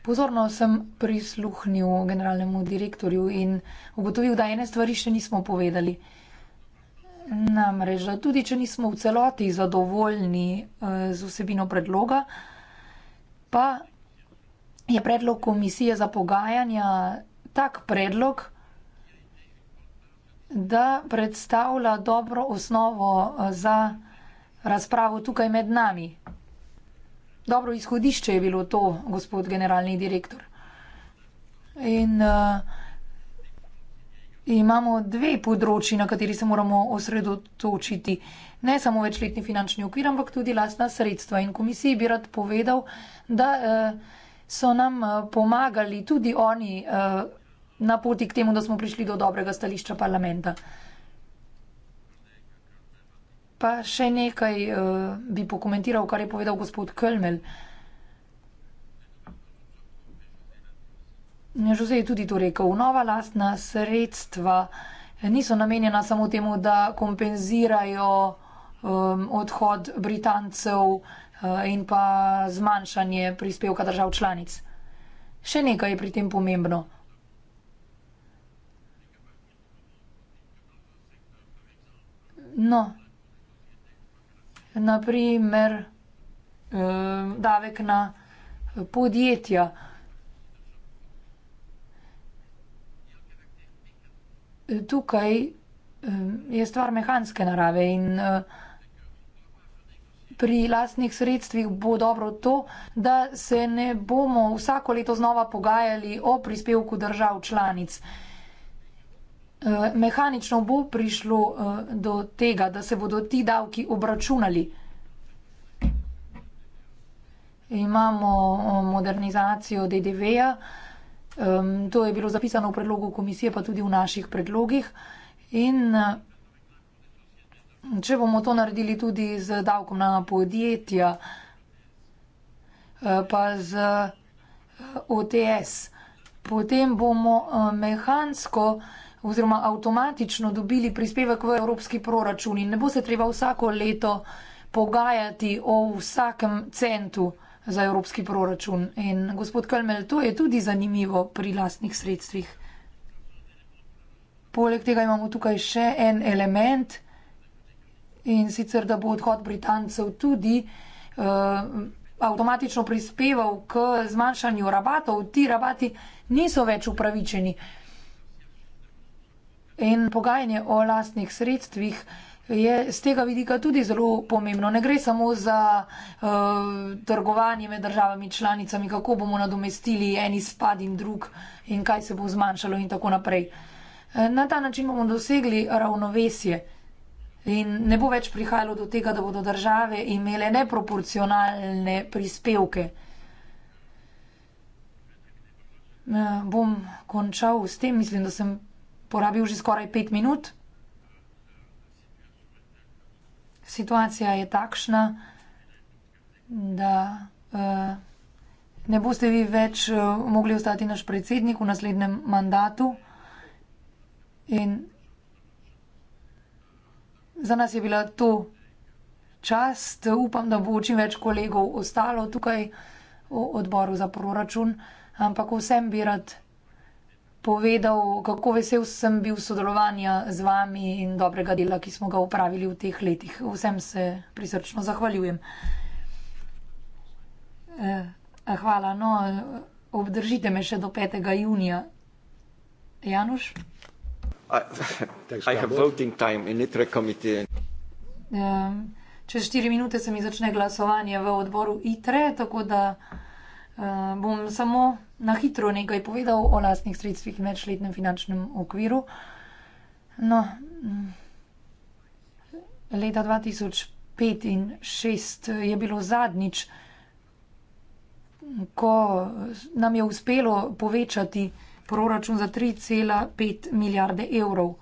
Pozorno sem prisluhnil generalnemu direktorju in ugotovil, da ene stvari še nismo povedali. Namreč, da tudi če nismo v celoti zadovoljni eh, z vsebino predloga, pa je predlog komisije za pogajanja tak predlog, da predstavlja dobro osnovo eh, za razpravo tukaj med nami. Dobro izhodišče je bilo to, gospod generalni direktor. In uh, imamo dve področji, na kateri se moramo osredotočiti. Ne samo večletni finančni okvir, ampak tudi lastna sredstva. In komisiji bi rad povedal, da uh, so nam eh, pomagali tudi oni uh, na poti k temu, da smo prišli do dobrega stališča parlamenta. Uh, Pa še nekaj uh, bi pokomentiral, kar je povedal gospod Kölmel. Žuze je tudi to rekel. Nova lastna sredstva niso namenjena samo temu, da kompenzirajo um, odhod Britancev uh, in pa zmanjšanje prispevka držav članic. Še nekaj je pri tem pomembno. No naprimer eh, davek na podjetja. Tukaj eh, je stvar mehanske narave in eh, pri lastnih sredstvih bo dobro to, da se ne bomo vsako leto znova pogajali o prispevku držav članic. Eh, mehanično bo prišlo eh, do tega, da se bodo ti davki obračunali. Imamo modernizacijo DDV-ja, to je bilo zapisano v predlogu komisije, pa tudi v naših predlogih. In eh, če bomo to naredili tudi z davkom na podjetja, pa z OTS, potem bomo mehansko vsega, oziroma avtomatično dobili prispevek v evropski proračun in ne bo se treba vsako leto pogajati o vsakem centu za evropski proračun. In gospod Kalmel, to je tudi zanimivo pri lastnih sredstvih. Poleg tega imamo tukaj še en element in sicer, da bo odhod Britancev tudi uh, avtomatično prispeval k zmanjšanju rabatov. Ti rabati niso več upravičeni in pogajanje o lastnih sredstvih je z tega vidika tudi zelo pomembno. Ne gre samo za uh, trgovanje med državami članicami, kako bomo nadomestili en izpad in drug in kaj se bo zmanjšalo in tako naprej. Eh, na ta način bomo dosegli ravnovesje in ne bo več prihajalo do tega, da bodo države imele neproporcionalne prispevke. Eh, bom končal s tem, mislim, da sem porabil že skoraj pet minut. Situacija je takšna, da eh, ne boste vi več eh, mogli ostati naš predsednik v naslednjem mandatu. In za nas je bila to čast. Upam, da bo čim več kolegov ostalo tukaj v odboru za proračun, ampak vsem bi rad povedal, kako vesel sem bil sodelovanja z vami in dobrega dela, ki smo ga upravili v teh letih. Vsem se prisrčno zahvaljujem. Eh, hvala, no, obdržite me še do 5. junija. Januš? I, I have voting time in ITRE committee. Um, čez 4 minute se mi začne glasovanje v odboru ITRE, tako da uh, bom samo na hitro nekaj povedal o lastnih sredstvih in večletnem finančnem okviru. No, mm, leta 2005 in 2006 je bilo zadnjič, ko nam je uspelo povečati proračun za 3,5 milijarde evrov.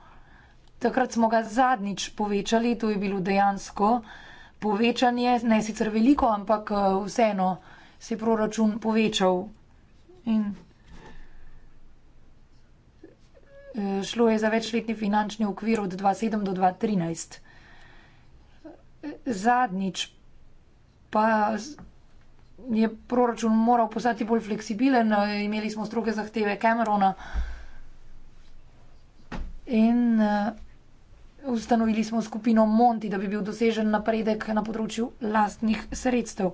Takrat smo ga zadnjič povečali, to je bilo dejansko povečanje, ne sicer veliko, ampak eh, vseeno se je proračun povečal. In e, šlo je za večletni finančni okvir od 2007 do 2013. Zadnjič pa je proračun moral postati bolj fleksibilen, e, imeli smo stroge zahteve Camerona in e, ustanovili smo skupino Monti, da bi bil dosežen napredek na področju lastnih sredstev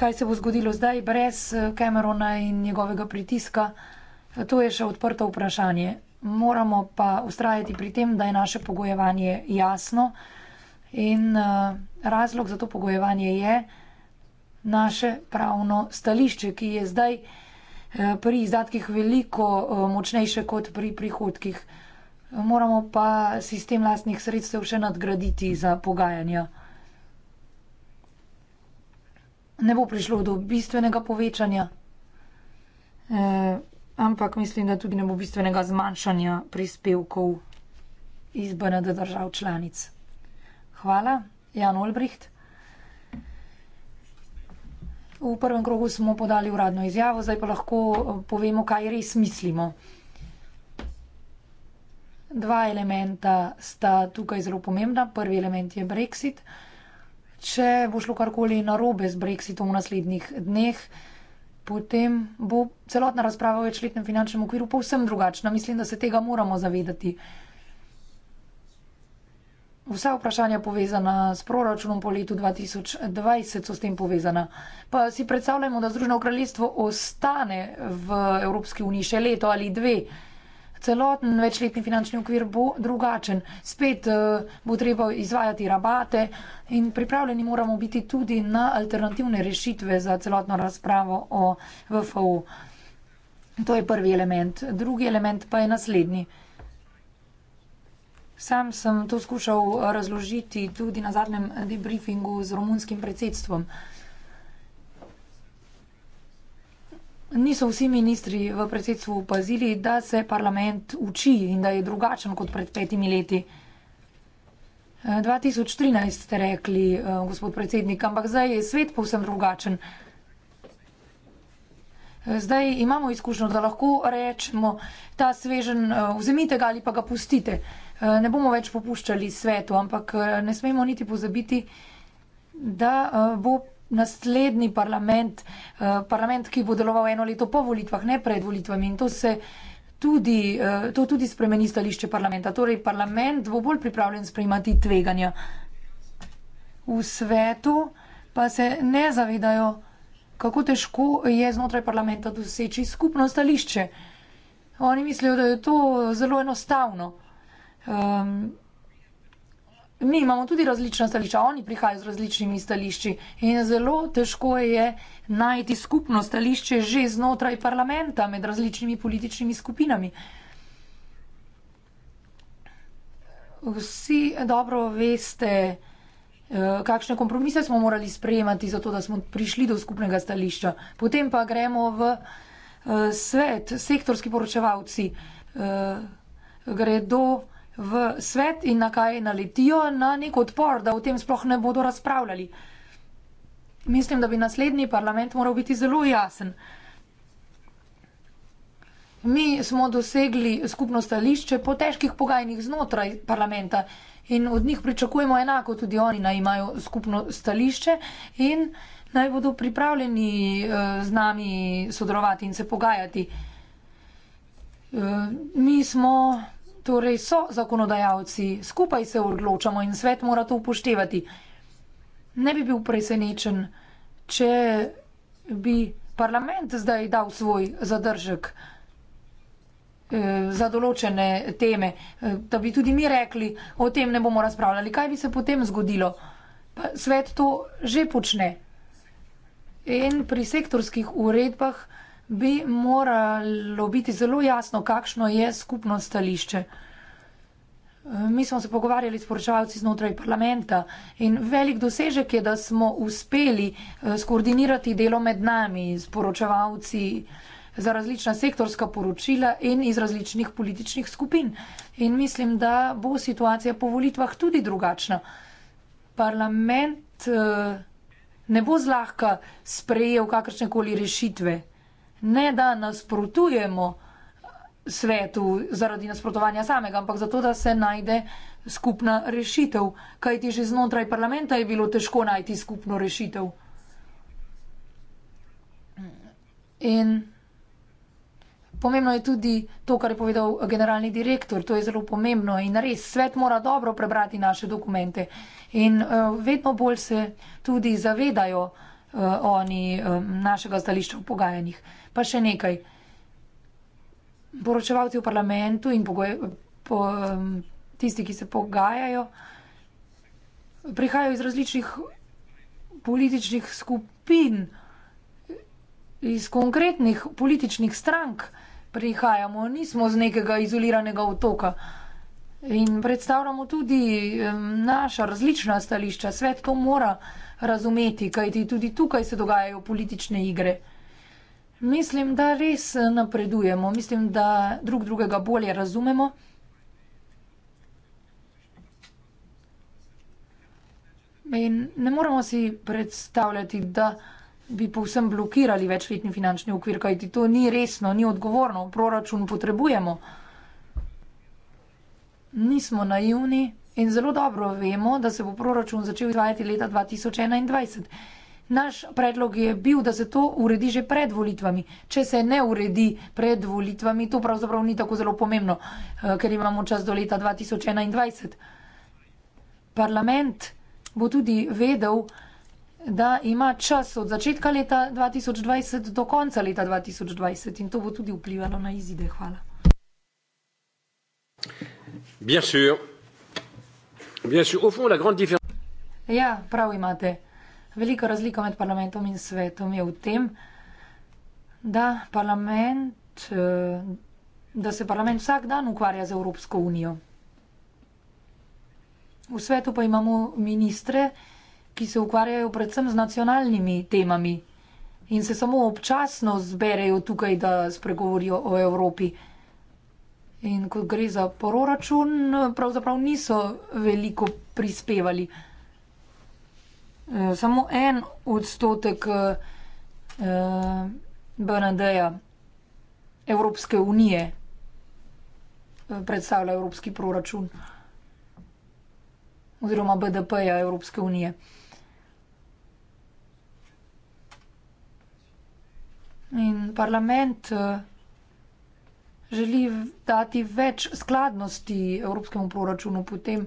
kaj se bo zgodilo zdaj brez eh, Camerona in njegovega pritiska, to je še odprto vprašanje. Moramo pa ustrajati pri tem, da je naše pogojevanje jasno in eh, razlog za to pogojevanje je naše pravno stališče, ki je zdaj eh, pri izdatkih veliko močnejše kot pri prihodkih. Moramo pa sistem lastnih sredstev še nadgraditi za pogajanja ne bo prišlo do bistvenega povečanja, e, ampak mislim, da tudi ne bo bistvenega zmanjšanja prispevkov iz BND držav članic. Hvala, Jan Olbricht. V prvem krogu smo podali uradno izjavo, zdaj pa lahko eh, povemo, kaj res mislimo. Dva elementa sta tukaj zelo pomembna. Prvi element je Brexit če bo šlo karkoli narobe z Brexitom v naslednjih dneh, potem bo celotna razprava o večletnem finančnem okviru povsem drugačna. Mislim, da se tega moramo zavedati. Vsa vprašanja povezana s proračunom po letu 2020 so s tem povezana. Pa si predstavljamo, da Združeno kraljestvo ostane v Evropski uniji še leto ali dve celoten večletni finančni okvir bo drugačen. Spet eh, bo treba izvajati rabate in pripravljeni moramo biti tudi na alternativne rešitve za celotno razpravo o VFO. To je prvi element. Drugi element pa je naslednji. Sam sem to skušal razložiti tudi na zadnjem debriefingu z romunskim predsedstvom. Niso vsi ministri v predsedstvu opazili, da se parlament uči in da je drugačen kot pred petimi leti. 2013 eh, ste rekli, eh, gospod predsednik, ampak zdaj je svet povsem drugačen. Eh, zdaj imamo izkušnjo, da lahko rečemo ta svežen, vzemite ga ali pa ga pustite. Ne bomo več popuščali svetu, ampak ne smemo niti pozabiti, da bo naslednji parlament, eh, parlament, ki bo deloval eno leto po volitvah, ne pred volitvami. In to se tudi, eh, to tudi spremeni stališče parlamenta. Torej, parlament bo bolj pripravljen sprejemati tveganja. V svetu pa se ne zavedajo, kako težko je znotraj parlamenta doseči skupno stališče. Oni mislijo, da je to zelo enostavno. Um, Mi imamo tudi različna stališča, oni prihajajo z različnimi stališči in zelo težko je najti skupno stališče že znotraj parlamenta med različnimi političnimi skupinami. Vsi dobro veste, eh, kakšne kompromise smo morali sprejemati, zato da smo prišli do skupnega stališča. Potem pa gremo v eh, svet, sektorski poročevalci eh, gredo v svet in na kaj naletijo, na nek odpor, da o tem sploh ne bodo razpravljali. Mislim, da bi naslednji parlament moral biti zelo jasen. Mi smo dosegli skupno stališče po težkih pogajanjih znotraj parlamenta in od njih pričakujemo enako, tudi oni naj imajo skupno stališče in naj bodo pripravljeni eh, z nami sodelovati in se pogajati. Eh, mi smo torej so zakonodajalci, skupaj se odločamo in svet mora to upoštevati. Ne bi bil presenečen, če bi parlament zdaj dal svoj zadržek eh, za določene teme, eh, da bi tudi mi rekli, o tem ne bomo razpravljali, kaj bi se potem zgodilo. Pa svet to že počne. In pri sektorskih uredbah bi moralo biti zelo jasno, kakšno je skupno stališče. Mi smo se pogovarjali s poročevalci znotraj parlamenta in velik dosežek je, da smo uspeli eh, skoordinirati delo med nami, s poročevalci za različna sektorska poročila in iz različnih političnih skupin. In mislim, da bo situacija po volitvah tudi drugačna. Parlament eh, ne bo zlahka sprejel kakršne koli rešitve ne da nasprotujemo svetu zaradi nasprotovanja samega, ampak zato, da se najde skupna rešitev. Kaj ti že znotraj parlamenta je bilo težko najti skupno rešitev. In pomembno je tudi to, kar je povedal generalni direktor, to je zelo pomembno in res, svet mora dobro prebrati naše dokumente. In uh, vedno bolj se tudi zavedajo uh, oni uh, našega stališča v pogajanjih. Pa še nekaj. Poročevalci v parlamentu in pogoj, po, tisti, ki se pogajajo, prihajajo iz različnih političnih skupin, iz konkretnih političnih strank. Prihajamo, nismo z nekega izoliranega otoka in predstavljamo tudi naša različna stališča. Svet to mora razumeti, kajti tudi tukaj se dogajajo politične igre. Mislim, da res eh, napredujemo, mislim, da drug drugega bolje razumemo. In ne moramo si predstavljati, da bi povsem blokirali večletni finančni okvir, kajti to ni resno, ni odgovorno, v proračun potrebujemo. Nismo naivni in zelo dobro vemo, da se bo proračun začel izvajati leta 2021. Naš predlog je bil, da se to uredi že pred volitvami. Če se ne uredi pred volitvami, to pravzaprav ni tako zelo pomembno, eh, ker imamo čas do leta 2021. Parlament bo tudi vedel, da ima čas od začetka leta 2020 do konca leta 2020 in to bo tudi vplivalo na izide. Hvala. Bien sûr. Bien sûr. Au fond, la grande différence. Ja, prav imate. Velika razlika med parlamentom in svetom je v tem, da parlament, eh, da se parlament vsak dan ukvarja z Evropsko unijo. V svetu pa imamo ministre, ki se ukvarjajo predvsem z nacionalnimi temami in se samo občasno zberejo tukaj, da spregovorijo o Evropi. In ko gre za proračun, pravzaprav niso veliko prispevali. Eh, samo en odstotek eh, BND-ja Evropske unije eh, predstavlja evropski proračun oziroma BDP-ja Evropske unije. In parlament želi dati več skladnosti evropskemu proračunu, potem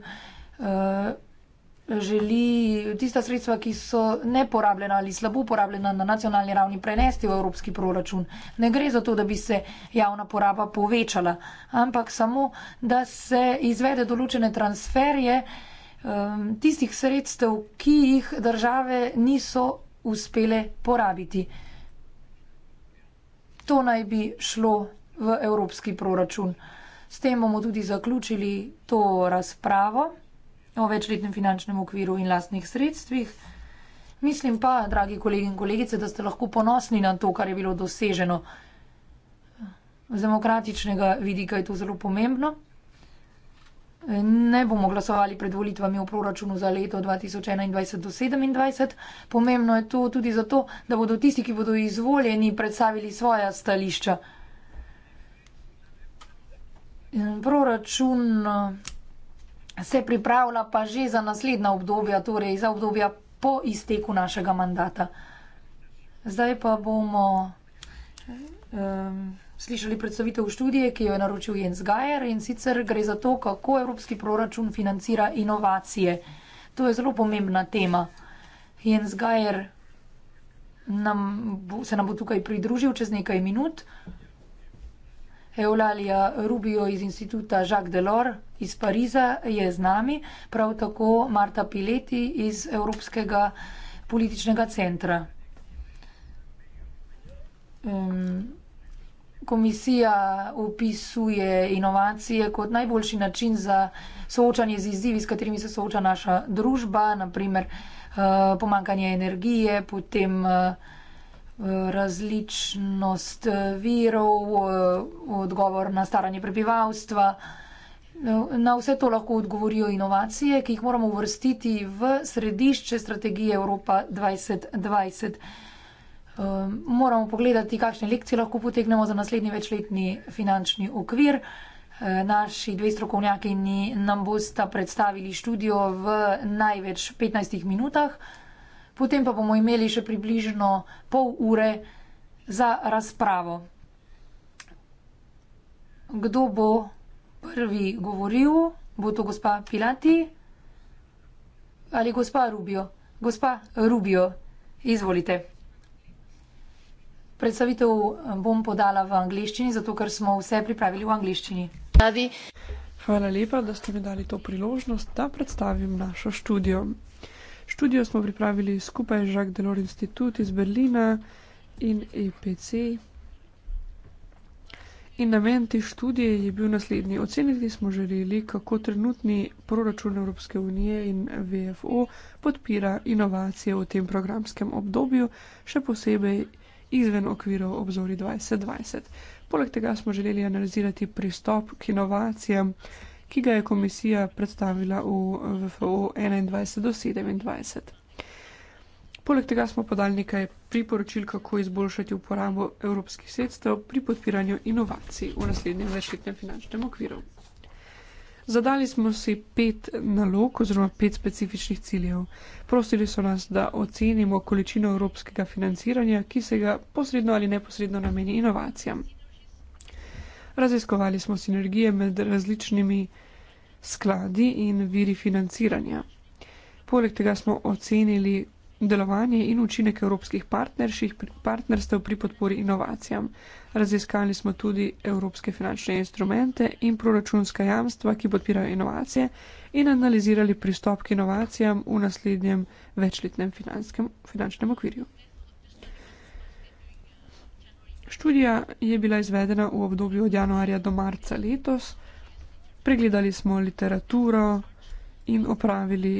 želi tista sredstva, ki so neporabljena ali slabo porabljena na nacionalni ravni, prenesti v evropski proračun. Ne gre za to, da bi se javna poraba povečala, ampak samo, da se izvede določene transferje um, tistih sredstev, ki jih države niso uspele porabiti. To naj bi šlo v evropski proračun. S tem bomo tudi zaključili to razpravo o večletnem finančnem okviru in lastnih sredstvih. Mislim pa, dragi kolegi in kolegice, da ste lahko ponosni na to, kar je bilo doseženo. Z demokratičnega vidika je to zelo pomembno. Ne bomo glasovali pred volitvami o proračunu za leto 2021 do 2027. Pomembno je to tudi zato, da bodo tisti, ki bodo izvoljeni, predstavili svoja stališča. In proračun se pripravlja pa že za naslednja obdobja, torej za obdobja po izteku našega mandata. Zdaj pa bomo um, slišali predstavitev študije, ki jo je naročil Jens Gajer in sicer gre za to, kako evropski proračun financira inovacije. To je zelo pomembna tema. Jens Gajer nam bo, se nam bo tukaj pridružil čez nekaj minut. Eulalija Rubio iz instituta Jacques Delors iz Pariza je z nami, prav tako Marta Pileti iz Evropskega političnega centra. Um, komisija opisuje inovacije kot najboljši način za soočanje z izzivi, s katerimi se sooča naša družba, naprimer uh, eh, pomankanje energije, potem uh, različnost virov, odgovor na staranje prebivalstva. Na vse to lahko odgovorijo inovacije, ki jih moramo uvrstiti v središče strategije Evropa 2020. Ehm, moramo pogledati, kakšne lekcije lahko potegnemo za naslednji večletni finančni okvir. Ehm, naši dve strokovnjaki nam bosta predstavili študijo v največ 15 minutah. Potem pa bomo imeli še približno pol ure za razpravo. Kdo bo prvi govoril? Bo to gospa Pilati ali gospa Rubio? Gospa Rubio, izvolite. Predstavitev bom podala v angliščini, zato ker smo vse pripravili v angliščini. Hvala lepa, da ste mi dali to priložnost, da predstavim našo študijo. Študijo smo pripravili skupaj z Jacques Delors Institut iz Berlina in EPC. In namen te študije je bil naslednji. Oceniti smo želeli, kako trenutni proračun Evropske unije in VFO podpira inovacije v tem programskem obdobju, še posebej izven okvirov obzori 2020. Poleg tega smo želeli analizirati pristop k inovacijam ki ga je komisija predstavila v VFO 21 do 27. Poleg tega smo podali nekaj priporočil, kako izboljšati uporabo evropskih sredstev pri podpiranju inovacij v naslednjem večletnem finančnem okviru. Zadali smo si pet nalog oziroma pet specifičnih ciljev. Prosili so nas, da ocenimo količino evropskega financiranja, ki se ga posredno ali neposredno nameni inovacijam. Raziskovali smo sinergije med različnimi skladi in viri financiranja. Poleg tega smo ocenili delovanje in učinek evropskih partnerstev pri podpori inovacijam. Raziskali smo tudi evropske finančne instrumente in proračunska jamstva, ki podpirajo inovacije in analizirali pristop k inovacijam v naslednjem večletnem finančnem okvirju. Študija je bila izvedena v obdobju od januarja do marca letos. Pregledali smo literaturo in opravili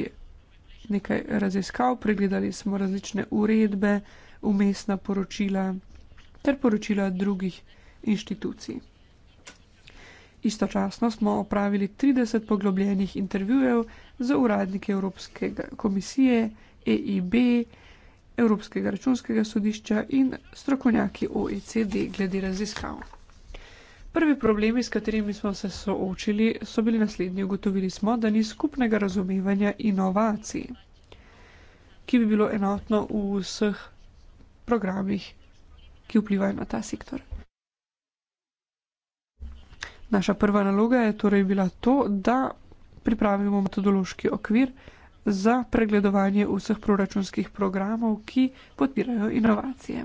nekaj raziskav, pregledali smo različne uredbe, umestna poročila ter poročila drugih inštitucij. Istočasno smo opravili 30 poglobljenih intervjujev z uradniki Evropske komisije, EIB, Evropskega računskega sodišča in strokovnjaki OECD glede raziskav. Prvi problemi, s katerimi smo se soočili, so bili naslednji. Ugotovili smo, da ni skupnega razumevanja inovacij, ki bi bilo enotno v vseh programih, ki vplivajo na ta sektor. Naša prva naloga je torej bila to, da pripravimo metodološki okvir, za pregledovanje vseh proračunskih programov, ki podpirajo inovacije.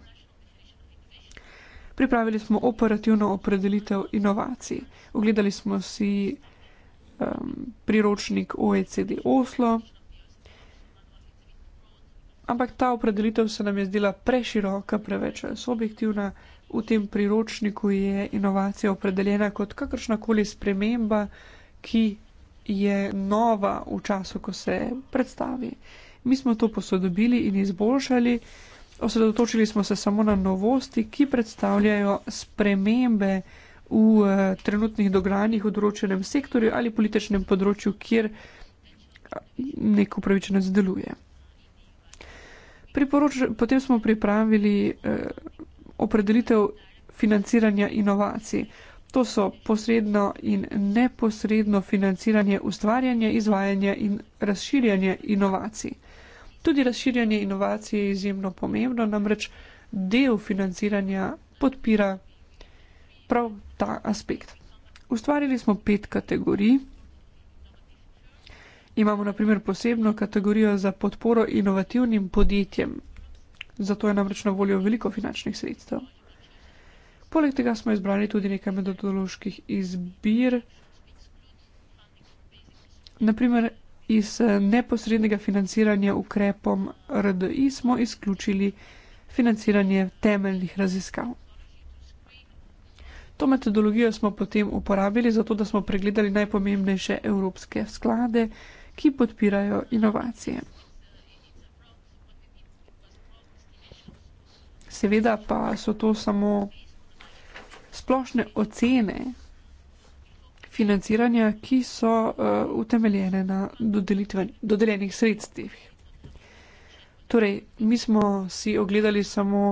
Pripravili smo operativno opredelitev inovacij. Ogledali smo si um, priročnik OECD Oslo, ampak ta opredelitev se nam je zdela preširoka, preveč subjektivna. V tem priročniku je inovacija opredeljena kot kakršnakoli sprememba, ki je nova v času, ko se predstavi. Mi smo to posodobili in izboljšali, osredotočili smo se samo na novosti, ki predstavljajo spremembe v eh, trenutnih dogajanjih v določenem sektorju ali političnem področju, kjer eh, neko pravičeno zdeluje. Priporoč, potem smo pripravili eh, opredelitev financiranja inovacij. To so posredno in neposredno financiranje ustvarjanja, izvajanja in razširjanja inovacij. Tudi razširjanje inovacij je izjemno pomembno, namreč del financiranja podpira prav ta aspekt. Ustvarili smo pet kategorij. Imamo naprimer posebno kategorijo za podporo inovativnim podjetjem. Zato je namreč na voljo veliko finančnih sredstev. Poleg tega smo izbrali tudi nekaj metodoloških izbir. Naprimer, iz eh, neposrednega financiranja ukrepom RDI smo izključili financiranje temeljnih raziskav. To metodologijo smo potem uporabili zato, da smo pregledali najpomembnejše evropske sklade, ki podpirajo inovacije. Seveda pa so to samo splošne ocene financiranja, ki so uh, utemeljene na dodeljenih sredstvih. Torej, mi smo si ogledali samo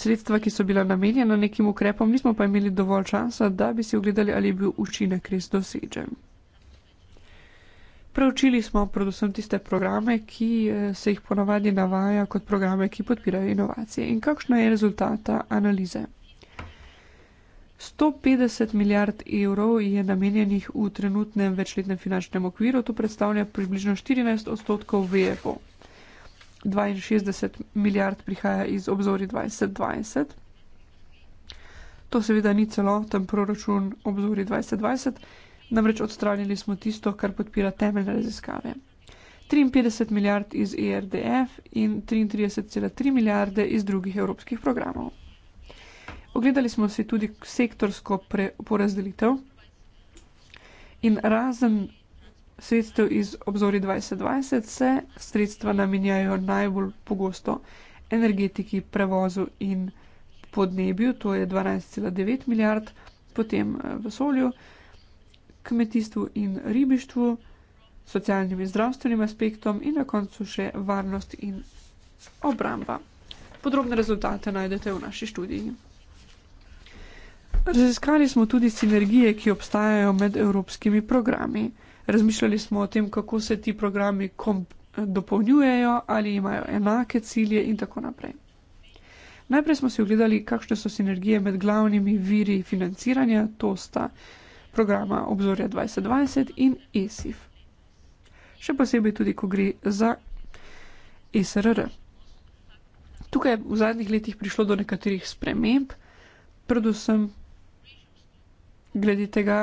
sredstva, ki so bila namenjena nekim ukrepom, nismo pa imeli dovolj časa, da bi si ogledali, ali je bil učinek res dosežen. Preučili smo predvsem tiste programe, ki eh, se jih ponavadi navaja kot programe, ki podpirajo inovacije. In kakšno je rezultata analize? 150 milijard evrov je namenjenih v trenutnem večletnem finančnem okviru, to predstavlja približno 14 odstotkov VFO. 62 milijard prihaja iz obzori 2020. To seveda ni celoten proračun obzori 2020. Namreč odstranili smo tisto, kar podpira temeljne raziskave. 53 milijard iz ERDF in 33,3 milijarde iz drugih evropskih programov. Ogledali smo si tudi sektorsko porazdelitev in razen sredstev iz obzori 2020 se sredstva namenjajo najbolj pogosto energetiki, prevozu in podnebju, to je 12,9 milijard, potem eh, vesolju kmetijstvu in ribištvu, socialnim in zdravstvenim aspektom in na koncu še varnost in obramba. Podrobne rezultate najdete v naši študiji. Raziskali smo tudi sinergije, ki obstajajo med evropskimi programi. Razmišljali smo o tem, kako se ti programi dopolnjujejo, ali imajo enake cilje in tako naprej. Najprej smo si ogledali, kakšne so sinergije med glavnimi viri financiranja, to sta programa Obzorja 2020 in ESIF. Še posebej tudi, ko gre za ESRR. Tukaj je v zadnjih letih prišlo do nekaterih sprememb, predvsem glede tega,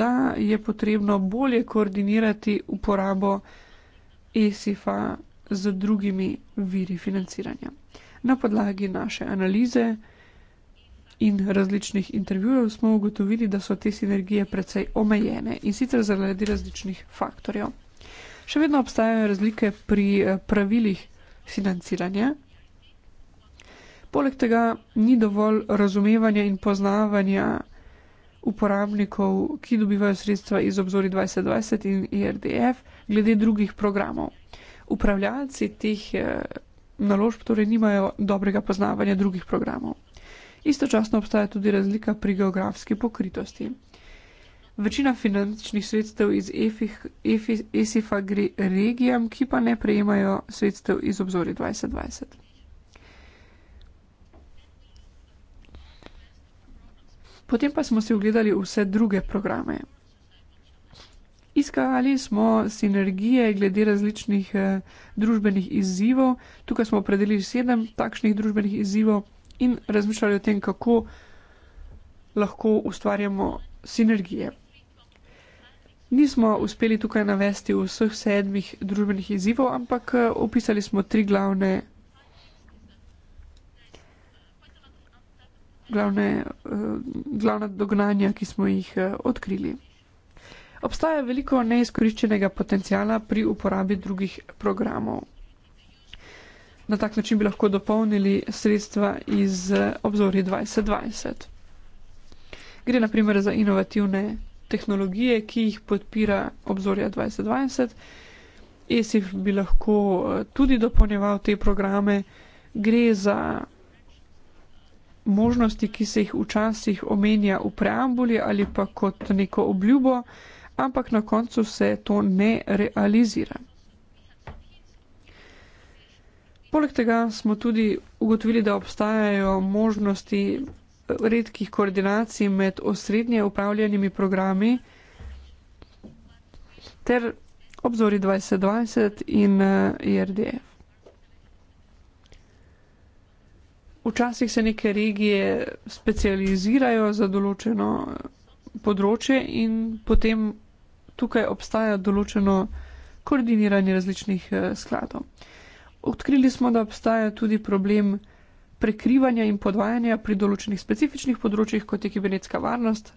da je potrebno bolje koordinirati uporabo ESIF-a z drugimi viri financiranja. Na podlagi naše analize, in različnih intervjujev smo ugotovili, da so te sinergije precej omejene in sicer zaradi različnih faktorjev. Še vedno obstajajo razlike pri eh, pravilih financiranja. Poleg tega ni dovolj razumevanja in poznavanja uporabnikov, ki dobivajo sredstva iz obzori 2020 in IRDF, e glede drugih programov. Upravljalci teh eh, naložb torej nimajo dobrega poznavanja drugih programov. Istočasno obstaja tudi razlika pri geografski pokritosti. Večina finančnih sredstev iz ESIF-a gre regijam, ki pa ne prejemajo sredstev iz obzori 2020. Potem pa smo si ogledali vse druge programe. Iskali smo sinergije glede različnih eh, družbenih izzivov. Tukaj smo opredelili sedem takšnih družbenih izzivov in razmišljali o tem, kako lahko ustvarjamo sinergije. Nismo uspeli tukaj navesti vseh sedmih družbenih izzivov, ampak eh, opisali smo tri glavne, glavne, eh, glavne dognanja, ki smo jih eh, odkrili. Obstaja veliko neizkoriščenega potencijala pri uporabi drugih programov. Na tak način bi lahko dopolnili sredstva iz eh, obzorja 2020. Gre naprimer za inovativne tehnologije, ki jih podpira obzorja 2020. ESIF bi lahko eh, tudi dopolnjeval te programe. Gre za možnosti, ki se jih včasih omenja v preambuli ali pa kot neko obljubo, ampak na koncu se to ne realizira. Poleg tega smo tudi ugotovili, da obstajajo možnosti redkih koordinacij med osrednje upravljenimi programi ter obzori 2020 in IRDF. Eh, e Včasih se neke regije specializirajo za določeno eh, področje in potem tukaj obstaja določeno koordiniranje različnih eh, skladov odkrili smo, da obstaja tudi problem prekrivanja in podvajanja pri določenih specifičnih področjih, kot je kibernetska varnost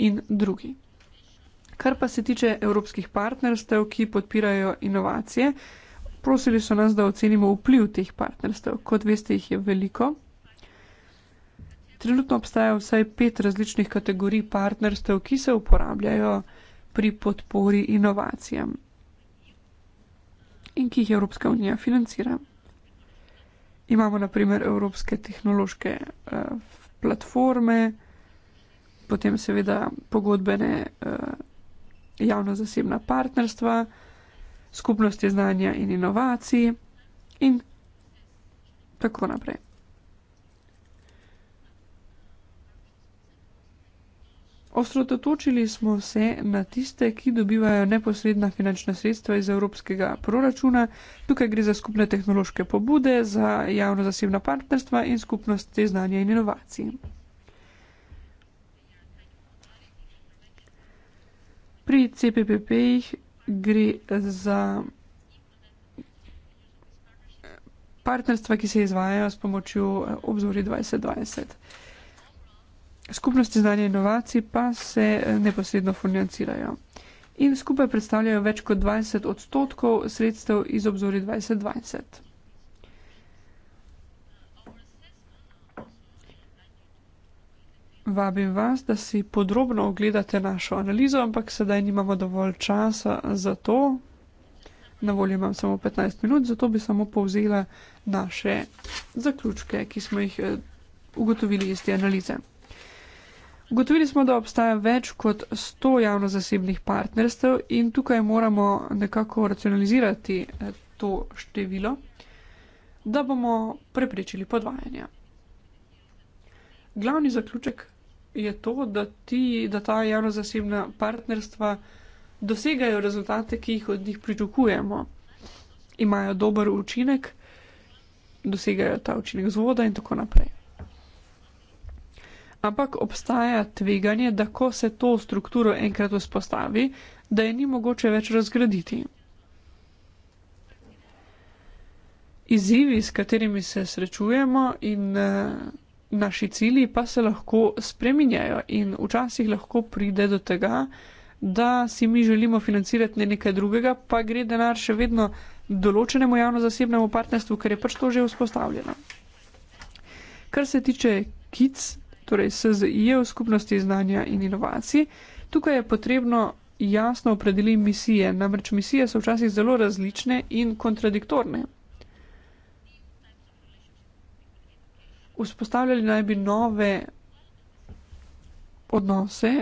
in drugi. Kar pa se tiče evropskih partnerstev, ki podpirajo inovacije, prosili so nas, da ocenimo vpliv teh partnerstev. Kot veste, jih je veliko. Trenutno obstaja vsaj pet različnih kategorij partnerstev, ki se uporabljajo pri podpori inovacijam in ki jih Evropska unija financira. Imamo na primer evropske tehnološke uh, platforme, potem seveda pogodbene uh, javno-zasebna partnerstva, skupnosti znanja in inovacij in tako naprej. Osredotočili smo se na tiste, ki dobivajo neposredna finančna sredstva iz evropskega proračuna. Tukaj gre za skupne tehnološke pobude, za javno-zasebna partnerstva in skupnost te znanja in inovacij. Pri CPPP-jih gre za partnerstva, ki se izvajajo s pomočjo obzori 2020. Skupnosti znanja inovacij pa se eh, neposredno financirajo. In skupaj predstavljajo več kot 20 odstotkov sredstev iz obzori 2020. Vabim vas, da si podrobno ogledate našo analizo, ampak sedaj nimamo dovolj časa za to. Na voljo imam samo 15 minut, zato bi samo povzela naše zaključke, ki smo jih eh, ugotovili iz te analize. Ugotovili smo, da obstaja več kot 100 javno-zasebnih partnerstev in tukaj moramo nekako racionalizirati eh, to število, da bomo preprečili podvajanja. Glavni zaključek je to, da, ti, da ta javno-zasebna partnerstva dosegajo rezultate, ki jih od njih pričakujemo. Imajo dober učinek, dosegajo ta učinek zvoda in tako naprej ampak obstaja tveganje, da ko se to strukturo enkrat vzpostavi, da je ni mogoče več razgraditi. Izzivi, s katerimi se srečujemo in uh, naši cilji pa se lahko spreminjajo in včasih lahko pride do tega, da si mi želimo financirati ne nekaj drugega, pa gre denar še vedno določenemu javno-zasebnemu partnerstvu, ker je pač to že vzpostavljeno. Kar se tiče kic, torej SZI-jev skupnosti znanja in inovacij. Tukaj je potrebno jasno opredeliti misije, namreč misije so včasih zelo različne in kontradiktorne. Vzpostavljali naj bi nove odnose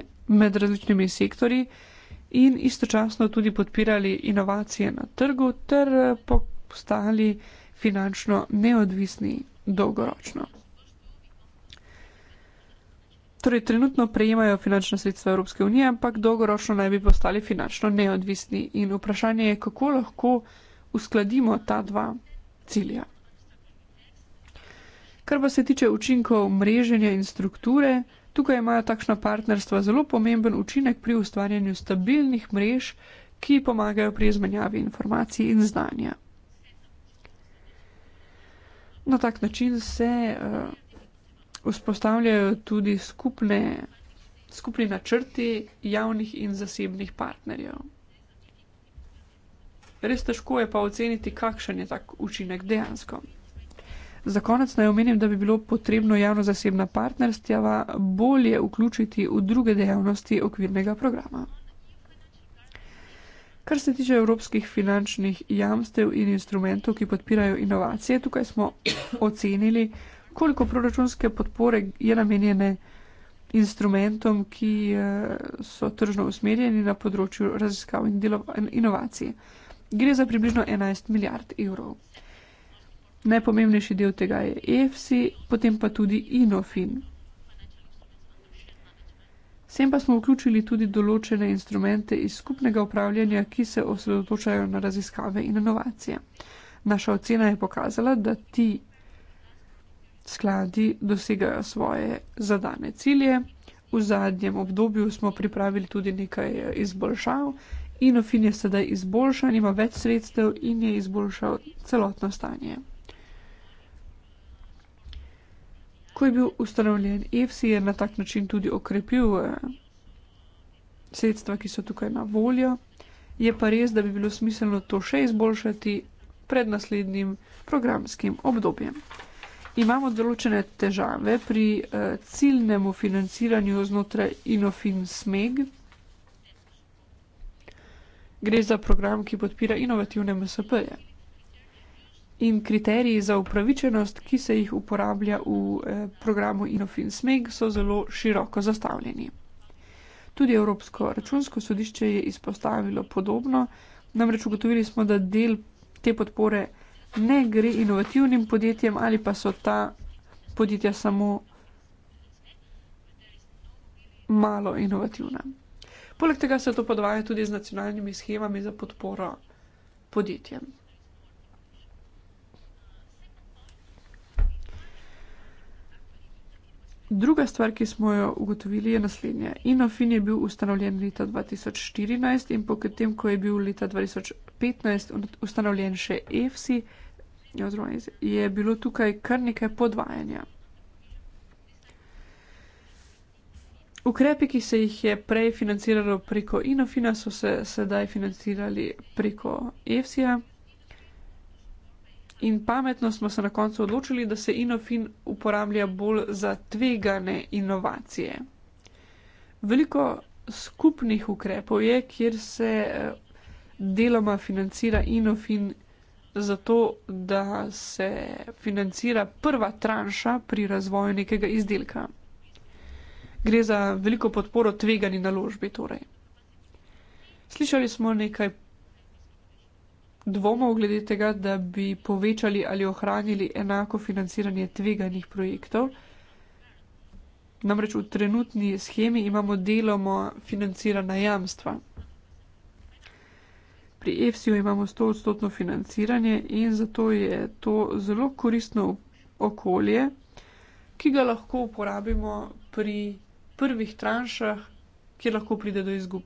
med različnimi sektori in istočasno tudi podpirali inovacije na trgu ter postali finančno neodvisni dolgoročno. Torej, trenutno prejemajo finančna sredstva Evropske unije, ampak dolgoročno naj bi postali finančno neodvisni. In vprašanje je, kako lahko uskladimo ta dva cilja. Kar pa se tiče učinkov mreženja in strukture, tukaj imajo takšna partnerstva zelo pomemben učinek pri ustvarjanju stabilnih mrež, ki pomagajo pri izmenjavi informacij in znanja. Na tak način se. Uh, Vzpostavljajo tudi skupne, skupni načrti javnih in zasebnih partnerjev. Res težko je pa oceniti, kakšen je tak učinek dejansko. Za konec naj omenim, da bi bilo potrebno javno-zasebna partnerstva bolje vključiti v druge dejavnosti okvirnega programa. Kar se tiče evropskih finančnih jamstev in instrumentov, ki podpirajo inovacije, tukaj smo ocenili, koliko proračunske podpore je namenjene instrumentom, ki eh, so tržno usmerjeni na področju raziskav in inovacij. Gre za približno 11 milijard evrov. Najpomembnejši del tega je EFSI, potem pa tudi INOFIN. Sem pa smo vključili tudi določene instrumente iz skupnega upravljanja, ki se osredotočajo na raziskave in inovacije. Naša ocena je pokazala, da ti skladi dosegajo svoje zadane cilje. V zadnjem obdobju smo pripravili tudi nekaj eh, izboljšav. Inofin je sedaj izboljšan, ima več sredstev in je izboljšal celotno stanje. Ko je bil ustanovljen EFSI, je na tak način tudi okrepil eh, sredstva, ki so tukaj na voljo. Je pa res, da bi bilo smiselno to še izboljšati pred naslednjim programskim obdobjem imamo določene težave pri uh, ciljnemu financiranju znotraj Inofin SMEG. Gre za program, ki podpira inovativne MSP-je. In kriteriji za upravičenost, ki se jih uporablja v eh, programu Inofin SMEG, so zelo široko zastavljeni. Tudi Evropsko računsko sodišče je izpostavilo podobno, namreč ugotovili smo, da del te podpore ne gre inovativnim podjetjem ali pa so ta podjetja samo malo inovativna. Poleg tega se to podvaja tudi z nacionalnimi schemami za podporo podjetjem. Druga stvar, ki smo jo ugotovili, je naslednja. Inofin je bil ustanovljen leta 2014 in potem, ko je bil leta 2015 ustanovljen še EFSI, oziroma je bilo tukaj kar nekaj podvajanja. Ukrepi, ki se jih je prej financiralo preko Inofina, so se sedaj financirali preko EFSI-ja. In pametno smo se na koncu odločili, da se Inofin uporablja bolj za tvegane inovacije. Veliko skupnih ukrepov je, kjer se eh, deloma financira Inofin zato, da se financira prva tranša pri razvoju nekega izdelka. Gre za veliko podporo tvegani naložbi. Torej. Slišali smo nekaj dvomov glede tega, da bi povečali ali ohranili enako financiranje tveganih projektov. Namreč v trenutni schemi imamo deloma financirana jamstva. Pri EFSI-ju imamo 100-odstotno financiranje in zato je to zelo koristno okolje, ki ga lahko uporabimo pri prvih tranšah, kjer lahko pride do izgub.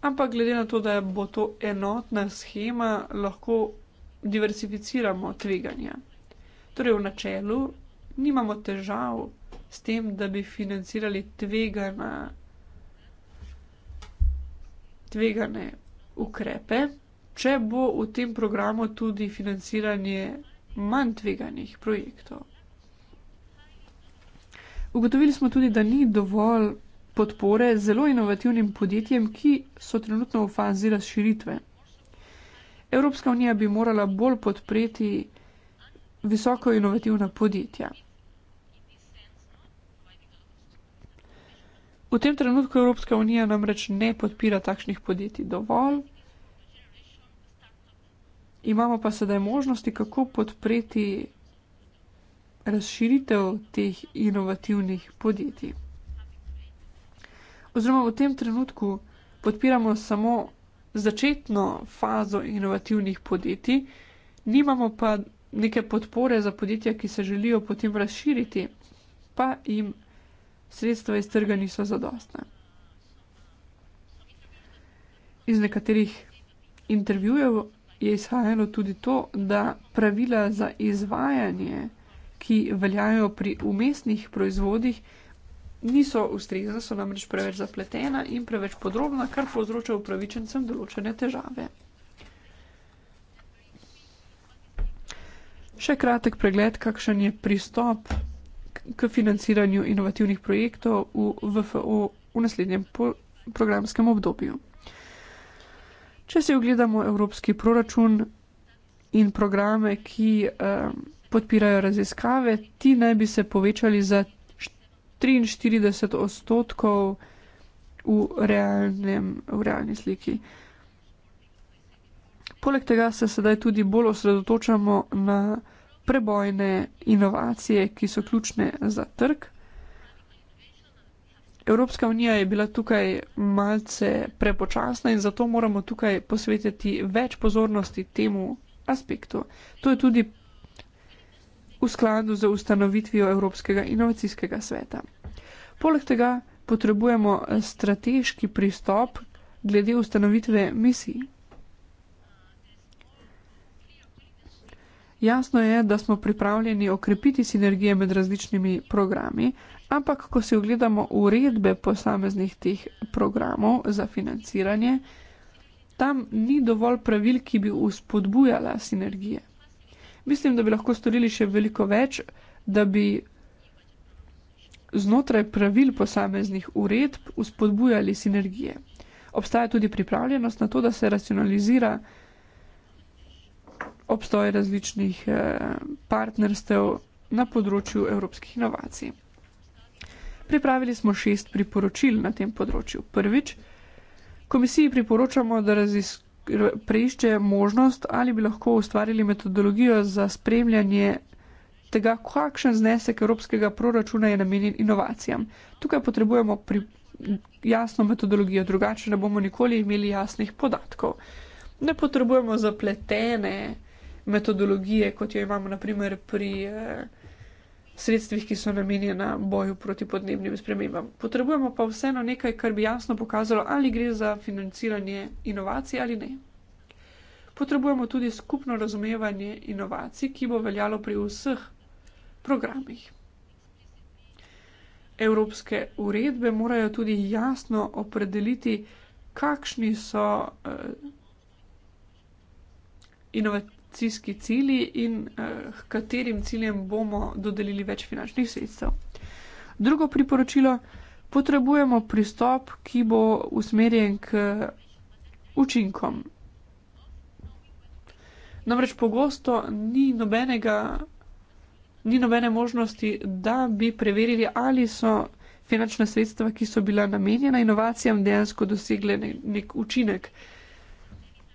Ampak glede na to, da bo to enotna schema, lahko diversificiramo tveganja. Torej, v načelu nimamo težav s tem, da bi financirali tvegana tvegane ukrepe, če bo v tem programu tudi financiranje manj tveganih projektov. Ugotovili smo tudi, da ni dovolj podpore zelo inovativnim podjetjem, ki so trenutno v fazi razširitve. Evropska unija bi morala bolj podpreti visoko inovativna podjetja. V tem trenutku Evropska unija namreč ne podpira takšnih podjetij dovolj. Imamo pa sedaj možnosti, kako podpreti razširitev teh inovativnih podjetij. Oziroma v tem trenutku podpiramo samo začetno fazo inovativnih podjetij, nimamo pa neke podpore za podjetja, ki se želijo potem razširiti, pa jim sredstva iz trga niso zadostna. Iz nekaterih intervjujev je izhajalo tudi to, da pravila za izvajanje, ki veljajo pri umestnih proizvodih, niso ustrezna, so namreč preveč zapletena in preveč podrobna, kar povzroča upravičencem določene težave. Še kratek pregled, kakšen je pristop k financiranju inovativnih projektov v VFO v naslednjem programskem obdobju. Če si ogledamo evropski proračun in programe, ki um, podpirajo raziskave, ti naj bi se povečali za 43 odstotkov v, realnem, v realni sliki. Poleg tega se sedaj tudi bolj osredotočamo na prebojne inovacije, ki so ključne za trg. Evropska unija je bila tukaj malce prepočasna in zato moramo tukaj posvetiti več pozornosti temu aspektu. To je tudi v skladu z ustanovitvijo Evropskega inovacijskega sveta. Poleg tega potrebujemo strateški pristop glede ustanovitve misij. Jasno je, da smo pripravljeni okrepiti sinergije med različnimi programi, ampak ko si ogledamo uredbe posameznih teh programov za financiranje, tam ni dovolj pravil, ki bi uspodbujala sinergije. Mislim, da bi lahko storili še veliko več, da bi znotraj pravil posameznih uredb uspodbujali sinergije. Obstaja tudi pripravljenost na to, da se racionalizira obstoj različnih eh, partnerstev na področju evropskih inovacij. Pripravili smo šest priporočil na tem področju. Prvič, komisiji priporočamo, da preišče možnost ali bi lahko ustvarili metodologijo za spremljanje tega, kakšen znesek evropskega proračuna je namenjen inovacijam. Tukaj potrebujemo pri, jasno metodologijo, drugače ne bomo nikoli imeli jasnih podatkov. Uh, ne potrebujemo zapletene metodologije, kot jo imamo naprimer pri eh, sredstvih, ki so namenjena boju proti podnebnim spremembam. Potrebujemo pa vseeno nekaj, kar bi jasno pokazalo, ali gre za financiranje inovacij ali ne. Potrebujemo tudi skupno razumevanje inovacij, ki bo veljalo pri vseh programih. Evropske uredbe morajo tudi jasno opredeliti, kakšni so eh, inovacijski cilji in uh, katerim ciljem bomo dodelili več finančnih sredstev. Drugo priporočilo, potrebujemo pristop, ki bo usmerjen k učinkom. Namreč pogosto ni nobenega, ni nobene možnosti, da bi preverili, ali so finančna sredstva, ki so bila namenjena inovacijam, dejansko dosegle nek, nek učinek. Uh,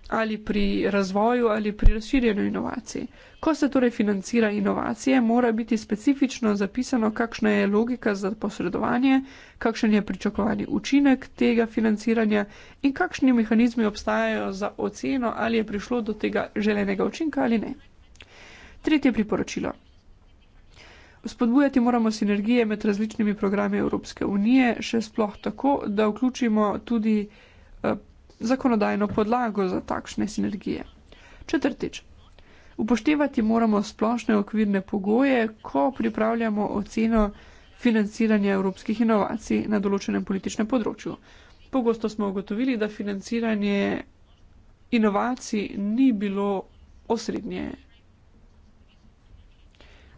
ali pri razvoju ali pri razširjenju inovacij. Ko se torej financira inovacije, mora biti specifično zapisano, kakšna je logika za posredovanje, kakšen je pričakovani učinek tega financiranja in kakšni mehanizmi obstajajo za oceno, ali je prišlo do tega želenega učinka ali ne. Tretje priporočilo. Spodbujati moramo sinergije med različnimi programi Evropske unije, še sploh tako, da vključimo tudi eh, zakonodajno podlago za takšne sinergije. Četrtič. Upoštevati moramo splošne okvirne pogoje, ko pripravljamo oceno financiranja evropskih inovacij na določenem političnem področju. Pogosto smo ugotovili, da financiranje inovacij ni bilo osrednje.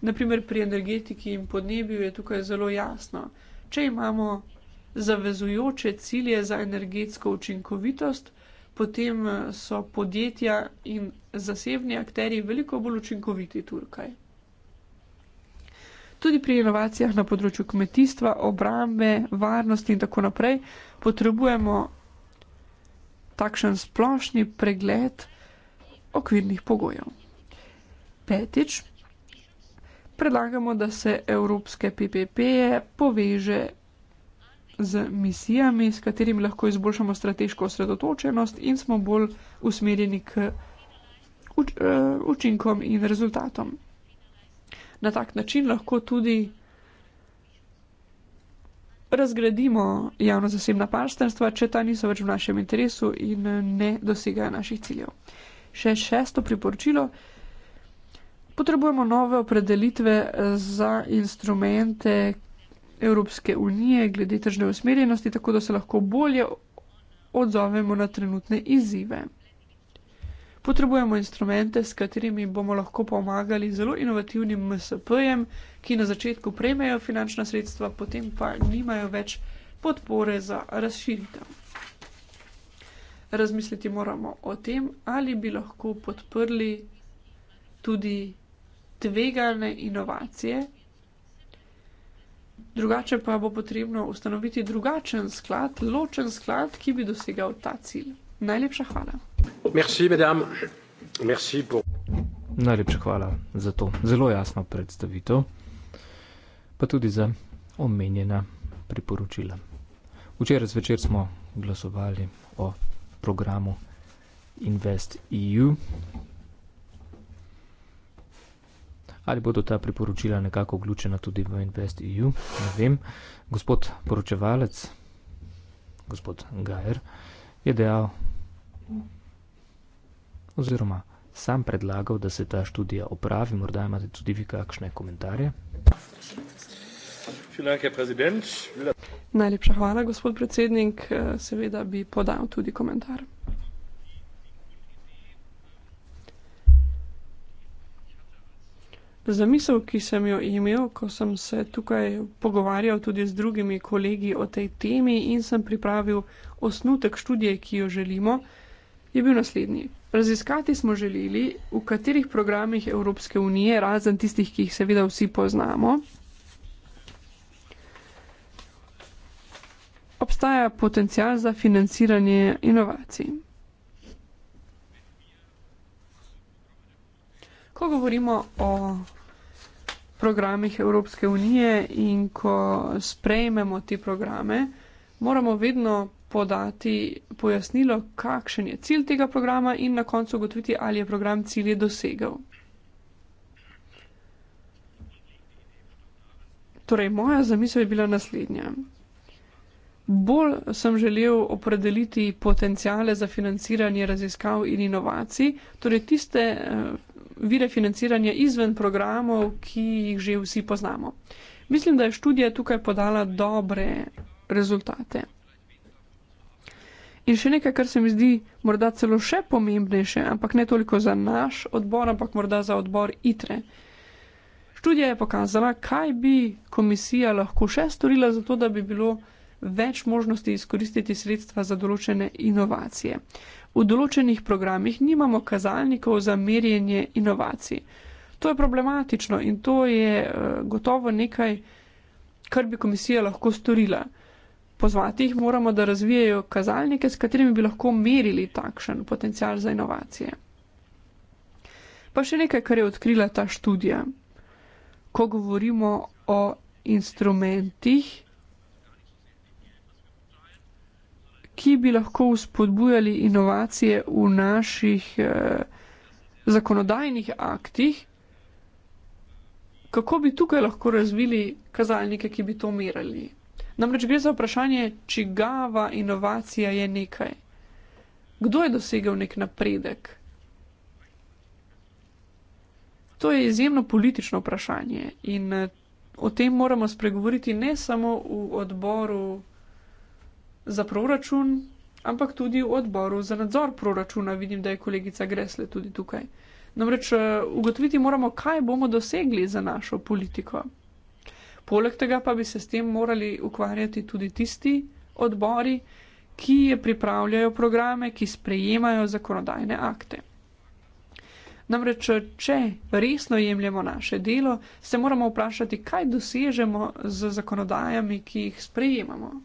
Naprimer, pri energetiki in podnebju je tukaj zelo jasno. Če imamo zavezujoče cilje za energetsko učinkovitost, potem eh, so podjetja in zasebni akteri veliko bolj učinkoviti tukaj. Tudi pri inovacijah na področju kmetijstva, obrambe, varnosti in tako naprej potrebujemo takšen splošni pregled okvirnih pogojev. Petič, predlagamo, da se evropske PPP-je poveže z misijami, s katerimi lahko izboljšamo strateško osredotočenost in smo bolj usmerjeni k uč eh, učinkom in rezultatom. Na tak način lahko tudi razgradimo javno-zasebna partnerstva, če ta niso več v našem interesu in eh, ne dosegajo naših ciljev. Še šesto priporočilo. Potrebujemo nove opredelitve eh, za instrumente, Evropske unije glede tržne usmerjenosti, tako da se lahko bolje odzovemo na trenutne izzive. Potrebujemo instrumente, s katerimi bomo lahko pomagali zelo inovativnim MSP-jem, ki na začetku prejmejo finančna sredstva, potem pa nimajo več podpore za razširitev. Razmisliti moramo o tem, ali bi lahko podprli tudi tvegane inovacije, Drugače pa bo potrebno ustanoviti drugačen sklad, ločen sklad, ki bi dosegal ta cilj. Najlepša hvala. Merci, Merci pour... Najlepša hvala za to zelo jasno predstavitev, pa tudi za omenjena priporočila. Včeraj zvečer smo glasovali o programu Invest EU, Ali bodo ta priporočila nekako vključena tudi v InvestEU, ne vem. Gospod poročevalec, gospod Gajer, je dejal, oziroma sam predlagal, da se ta študija opravi. Morda imate tudi vi kakšne komentarje. Najlepša hvala, gospod predsednik. Eh, seveda bi podal tudi komentar. Zamisel, ki sem jo imel, ko sem se tukaj pogovarjal tudi z drugimi kolegi o tej temi in sem pripravil osnutek študije, ki jo želimo, je bil naslednji. Raziskati smo želeli, v katerih programih Evropske unije, razen tistih, ki jih seveda vsi poznamo, obstaja potencial za financiranje inovacij. Ko govorimo o programih Evropske unije in ko sprejmemo te programe, moramo vedno podati pojasnilo, kakšen je cilj tega programa in na koncu ugotoviti, ali je program cilje dosegel. Torej, moja zamisel je bila naslednja. Bolj sem želel opredeliti potencijale za financiranje raziskav in inovacij, torej tiste eh, vire financiranja izven programov, ki jih že vsi poznamo. Mislim, da je študija tukaj podala dobre rezultate. In še nekaj, kar se mi zdi morda celo še pomembnejše, ampak ne toliko za naš odbor, ampak morda za odbor ITRE. Študija je pokazala, kaj bi komisija lahko še storila za to, da bi bilo več možnosti izkoristiti sredstva za določene inovacije v določenih programih nimamo kazalnikov za merjenje inovacij. To je problematično in to je eh, gotovo nekaj, kar bi komisija lahko storila. Pozvati jih moramo, da razvijajo kazalnike, s katerimi bi lahko merili takšen potencial za inovacije. Pa še nekaj, kar je odkrila ta študija. Ko govorimo o instrumentih, ki bi lahko vzpodbujali inovacije v naših eh, zakonodajnih aktih, kako bi tukaj lahko razvili kazalnike, ki bi to merali. Namreč gre za vprašanje, čigava inovacija je nekaj. Kdo je dosegel nek napredek? To je izjemno politično vprašanje in eh, o tem moramo spregovoriti ne samo v odboru za proračun, ampak tudi v odboru za nadzor proračuna. Vidim, da je kolegica Gresle tudi tukaj. Namreč eh, ugotoviti moramo, kaj bomo dosegli za našo politiko. Poleg tega pa bi se s tem morali ukvarjati tudi tisti odbori, ki pripravljajo programe, ki sprejemajo zakonodajne akte. Namreč, eh, če resno jemljemo naše delo, se moramo vprašati, kaj dosežemo z zakonodajami, ki jih sprejemamo.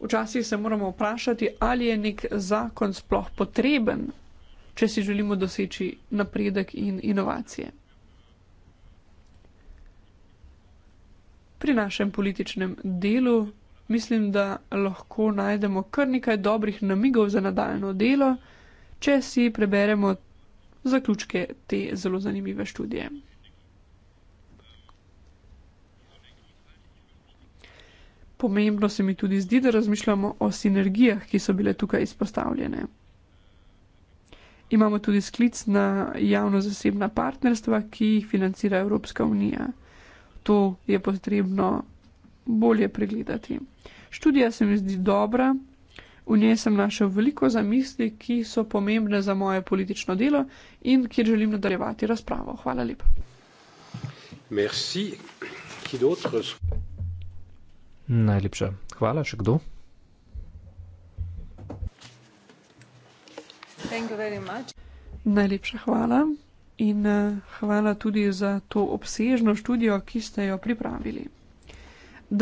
Včasih se moramo vprašati, ali je nek zakon sploh potreben, če si želimo doseči napredek in inovacije. Pri našem političnem delu mislim, da lahko najdemo kar nekaj dobrih namigov za nadaljno delo, če si preberemo zaključke te zelo zanimive študije. Pomembno se mi tudi zdi, da razmišljamo o sinergijah, ki so bile tukaj izpostavljene. Imamo tudi sklic na javno-zasebna partnerstva, ki jih financira Evropska unija. To je potrebno bolje pregledati. Študija se mi zdi dobra, v njej sem našel veliko zamisli, ki so pomembne za moje politično delo in kjer želim nadaljevati razpravo. Hvala lepa. Merci. Kdo drug? Najlepša. Hvala, še kdo? Najlepša hvala in eh, hvala tudi za to obsežno študijo, ki ste jo pripravili.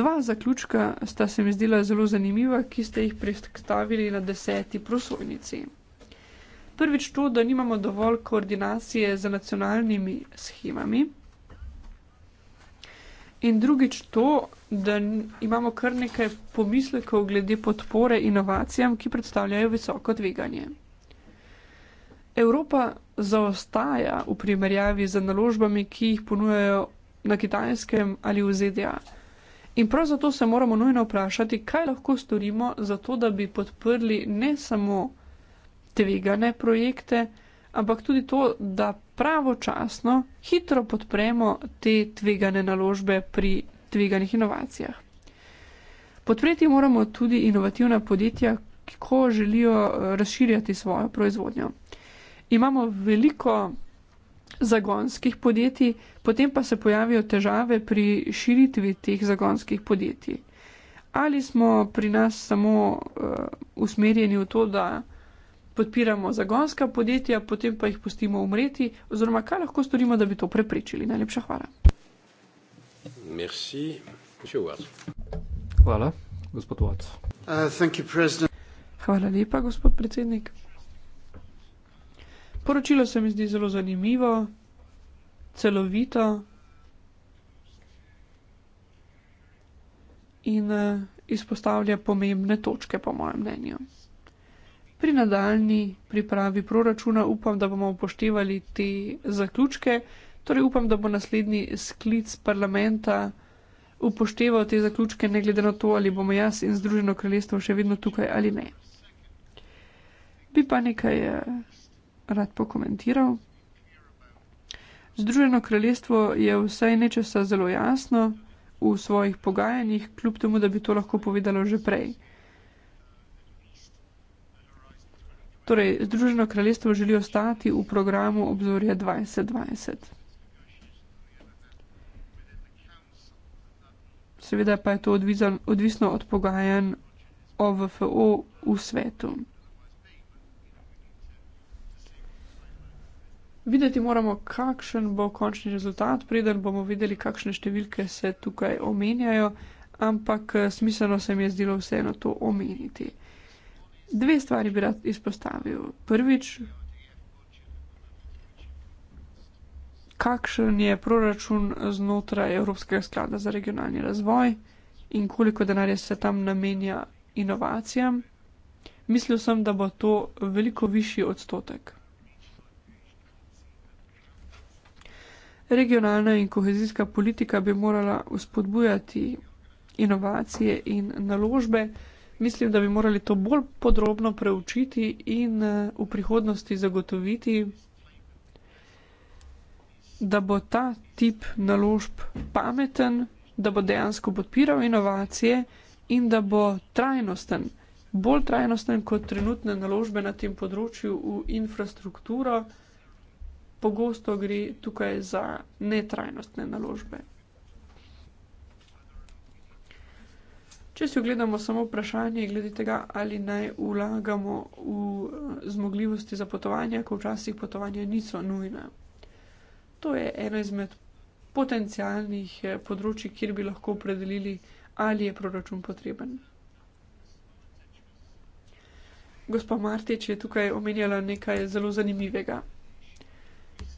Dva zaključka sta se mi zdela zelo zanimiva, ki ste jih predstavili na deseti prosojnici. Prvič to, da nimamo dovolj koordinacije z nacionalnimi schemami. In drugič to, da imamo kar nekaj pomislekov glede podpore inovacijam, ki predstavljajo visoko tveganje. Evropa zaostaja v primerjavi z naložbami, ki jih ponujajo na Kitajskem ali v ZDA. In prav zato se moramo nujno vprašati, kaj lahko storimo za to, da bi podprli ne samo tvegane projekte, ampak tudi to, da pravočasno, hitro podpremo te tvegane naložbe pri tveganih inovacijah. Podpreti moramo tudi inovativna podjetja, ko želijo eh, razširjati svojo proizvodnjo. Imamo veliko zagonskih podjetij, potem pa se pojavijo težave pri širitvi teh zagonskih podjetij. Ali smo pri nas samo uh, usmerjeni v to, da podpiramo zagonska podjetja, potem pa jih pustimo umreti, oziroma kaj lahko storimo, da bi to preprečili. Najlepša hvala. Merci. Hvala, gospod Watts. Uh, hvala lepa, gospod predsednik. Poročilo se mi zdi zelo zanimivo, celovito in uh, izpostavlja pomembne točke, po mojem mnenju pri nadaljni pripravi proračuna upam, da bomo upoštevali te zaključke, torej upam, da bo naslednji sklic parlamenta upošteval te zaključke, ne glede na to, ali bomo jaz in Združeno kraljestvo še vedno tukaj ali ne. Bi pa nekaj eh, rad pokomentiral. Združeno kraljestvo je vsaj nečesa zelo jasno v svojih pogajanjih, kljub temu, da bi to lahko povedalo že prej. Torej, Združeno kraljestvo želi ostati v programu obzorja 2020. Seveda pa je to odvizan, odvisno od pogajanj OVFO v svetu. Videti moramo, kakšen bo končni rezultat, preden bomo videli, kakšne številke se tukaj omenjajo, ampak smiselno se mi je zdelo vseeno to omeniti. Dve stvari bi rad izpostavil. Prvič, kakšen je proračun znotraj Evropskega sklada za regionalni razvoj in koliko denarja se tam namenja inovacijam. Mislil sem, da bo to veliko višji odstotek. Regionalna in kohezijska politika bi morala uspodbujati inovacije in naložbe. Mislim, da bi morali to bolj podrobno preučiti in eh, v prihodnosti zagotoviti, da bo ta tip naložb pameten, da bo dejansko podpiral inovacije in da bo trajnosten, bolj trajnosten kot trenutne naložbe na tem področju v infrastrukturo. Pogosto gre tukaj za netrajnostne naložbe. Če si ogledamo samo vprašanje glede tega, ali naj ulagamo v eh, zmogljivosti za potovanja, ko včasih potovanja niso nujna. To je eno izmed potencijalnih eh, področji, kjer bi lahko opredelili, ali je proračun potreben. Gospa Martič je tukaj omenjala nekaj zelo zanimivega.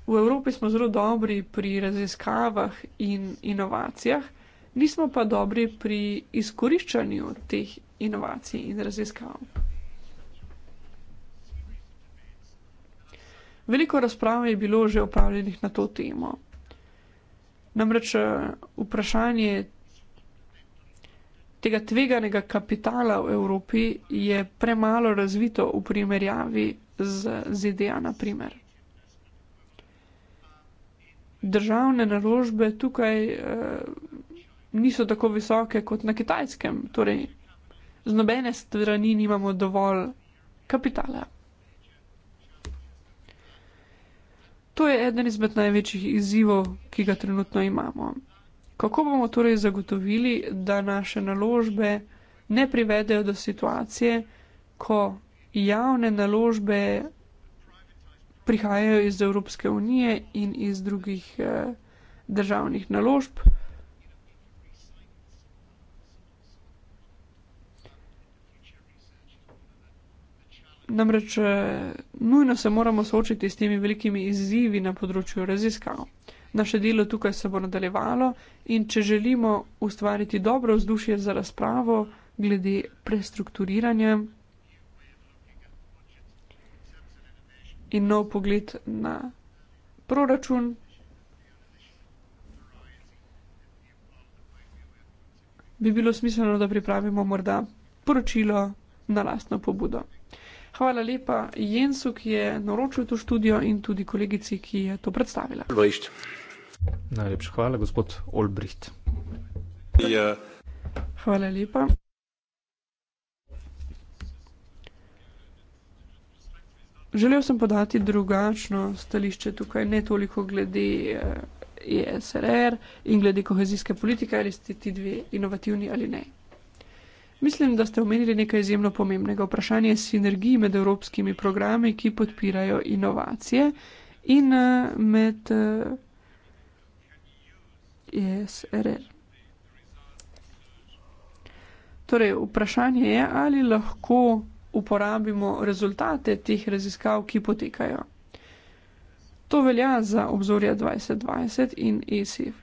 V Evropi smo zelo dobri pri raziskavah in inovacijah nismo pa dobri pri izkoriščanju teh inovacij in raziskav. Veliko razprav je bilo že opravljenih na to temo. Namreč eh, vprašanje tega tveganega kapitala v Evropi je premalo razvito v primerjavi z ZDA, na primer. Državne naložbe tukaj eh, niso tako visoke kot na kitajskem. Torej, z nobene strani nimamo dovolj kapitala. To je eden izmed največjih izzivov, ki ga trenutno imamo. Kako bomo torej zagotovili, da naše naložbe ne privedejo do situacije, ko javne naložbe prihajajo iz Evropske unije in iz drugih eh, državnih naložb? Namreč eh, nujno se moramo soočiti s temi velikimi izzivi na področju raziskav. Naše delo tukaj se bo nadaljevalo in če želimo ustvariti dobro vzdušje za razpravo glede prestrukturiranja in nov pogled na proračun, bi bilo smiselno, da pripravimo morda poročilo na lastno pobudo. Hvala lepa Jensu, ki je naročil to študijo in tudi kolegici, ki je to predstavila. Olbricht. Najlepša hvala, gospod Olbricht. Ja. Hvala lepa. Želel sem podati drugačno stališče tukaj, ne toliko glede ESRR eh, e in glede kohezijske politike, ali ste ti dve inovativni ali ne. Mislim, da ste omenili nekaj izjemno pomembnega. Vprašanje sinergij med evropskimi programi, ki podpirajo inovacije in eh, med ESRR. Eh, e torej, vprašanje je, ali lahko uporabimo rezultate teh raziskav, ki potekajo. To velja za obzorja 2020 in ESIF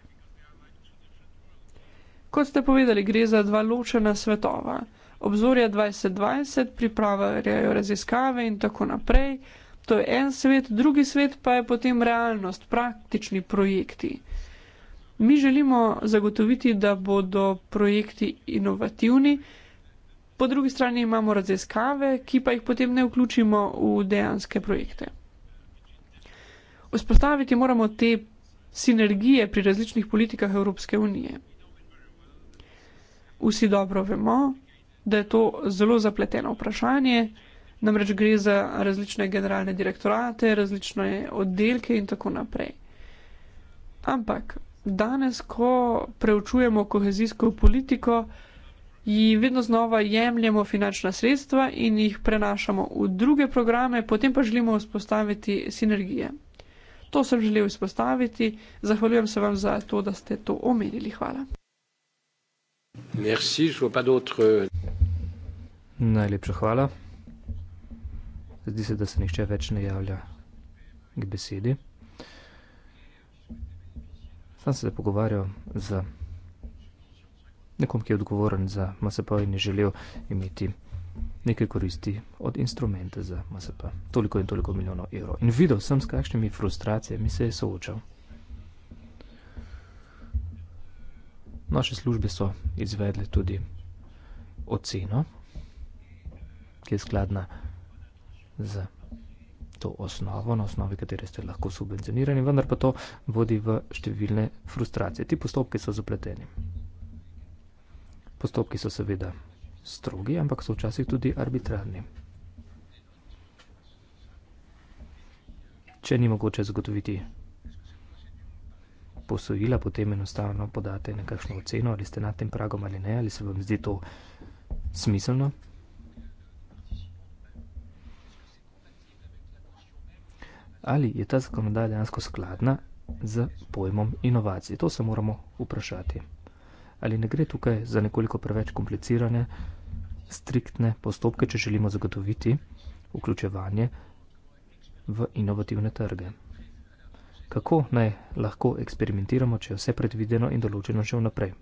Kot ste povedali, gre za dva ločena svetova. Obzorje 2020 pripravljajo raziskave in tako naprej. To je en svet, drugi svet pa je potem realnost, praktični projekti. Mi želimo zagotoviti, da bodo projekti inovativni, po drugi strani imamo raziskave, ki pa jih potem ne vključimo v dejanske projekte. Vzpostaviti moramo te sinergije pri različnih politikah Evropske unije vsi dobro vemo, da je to zelo zapleteno vprašanje. Namreč gre za različne generalne direktorate, različne oddelke in tako naprej. Ampak danes, ko preučujemo kohezijsko politiko, ji vedno znova jemljemo finančna sredstva in jih prenašamo v druge programe, potem pa želimo vzpostaviti sinergije. To sem želel izpostaviti. Zahvaljujem se vam za to, da ste to omenili. Hvala. Merci, je vois pas Najlepša hvala. Zdi se, da se nihče več ne javlja k besedi. Sam se je pogovarjal z nekom, ki je odgovoren za MSP in je želel imeti nekaj koristi od instrumenta za MSP. Toliko in toliko milijonov evrov. In videl sem, s kakšnimi frustracijami se je soočal. Naše službe so izvedle tudi oceno, ki je skladna z to osnovo, na osnovi katere ste lahko subvencionirani, vendar pa to vodi v številne frustracije. Ti postopki so zapleteni. Postopki so seveda strogi, ampak so včasih tudi arbitrarni. Če ni mogoče zagotoviti posojila, potem enostavno podate nekakšno oceno, ali ste na tem pragu ali ne, ali se vam zdi to smiselno. Ali je ta zakonodaja dejansko skladna z pojmom inovacij? To se moramo vprašati. Ali ne gre tukaj za nekoliko preveč komplicirane, striktne postopke, če želimo zagotoviti vključevanje v inovativne trge? kako naj lahko eksperimentiramo, če je vse predvideno in določeno že vnaprej.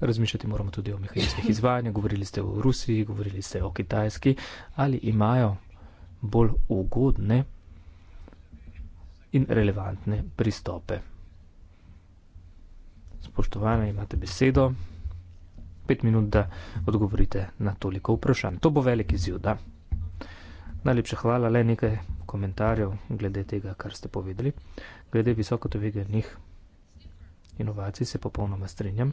Razmišljati moramo tudi o mehanizmih izvajanja, govorili ste o Rusiji, govorili ste o Kitajski, ali imajo bolj ugodne in relevantne pristope. Spoštovane, imate besedo. Pet minut, da odgovorite na toliko vprašanj. To bo velik izziv, da. Najlepša hvala, le nekaj komentarjev glede tega, kar ste povedali. Glede visoko tveganih inovacij se popolnoma strinjam.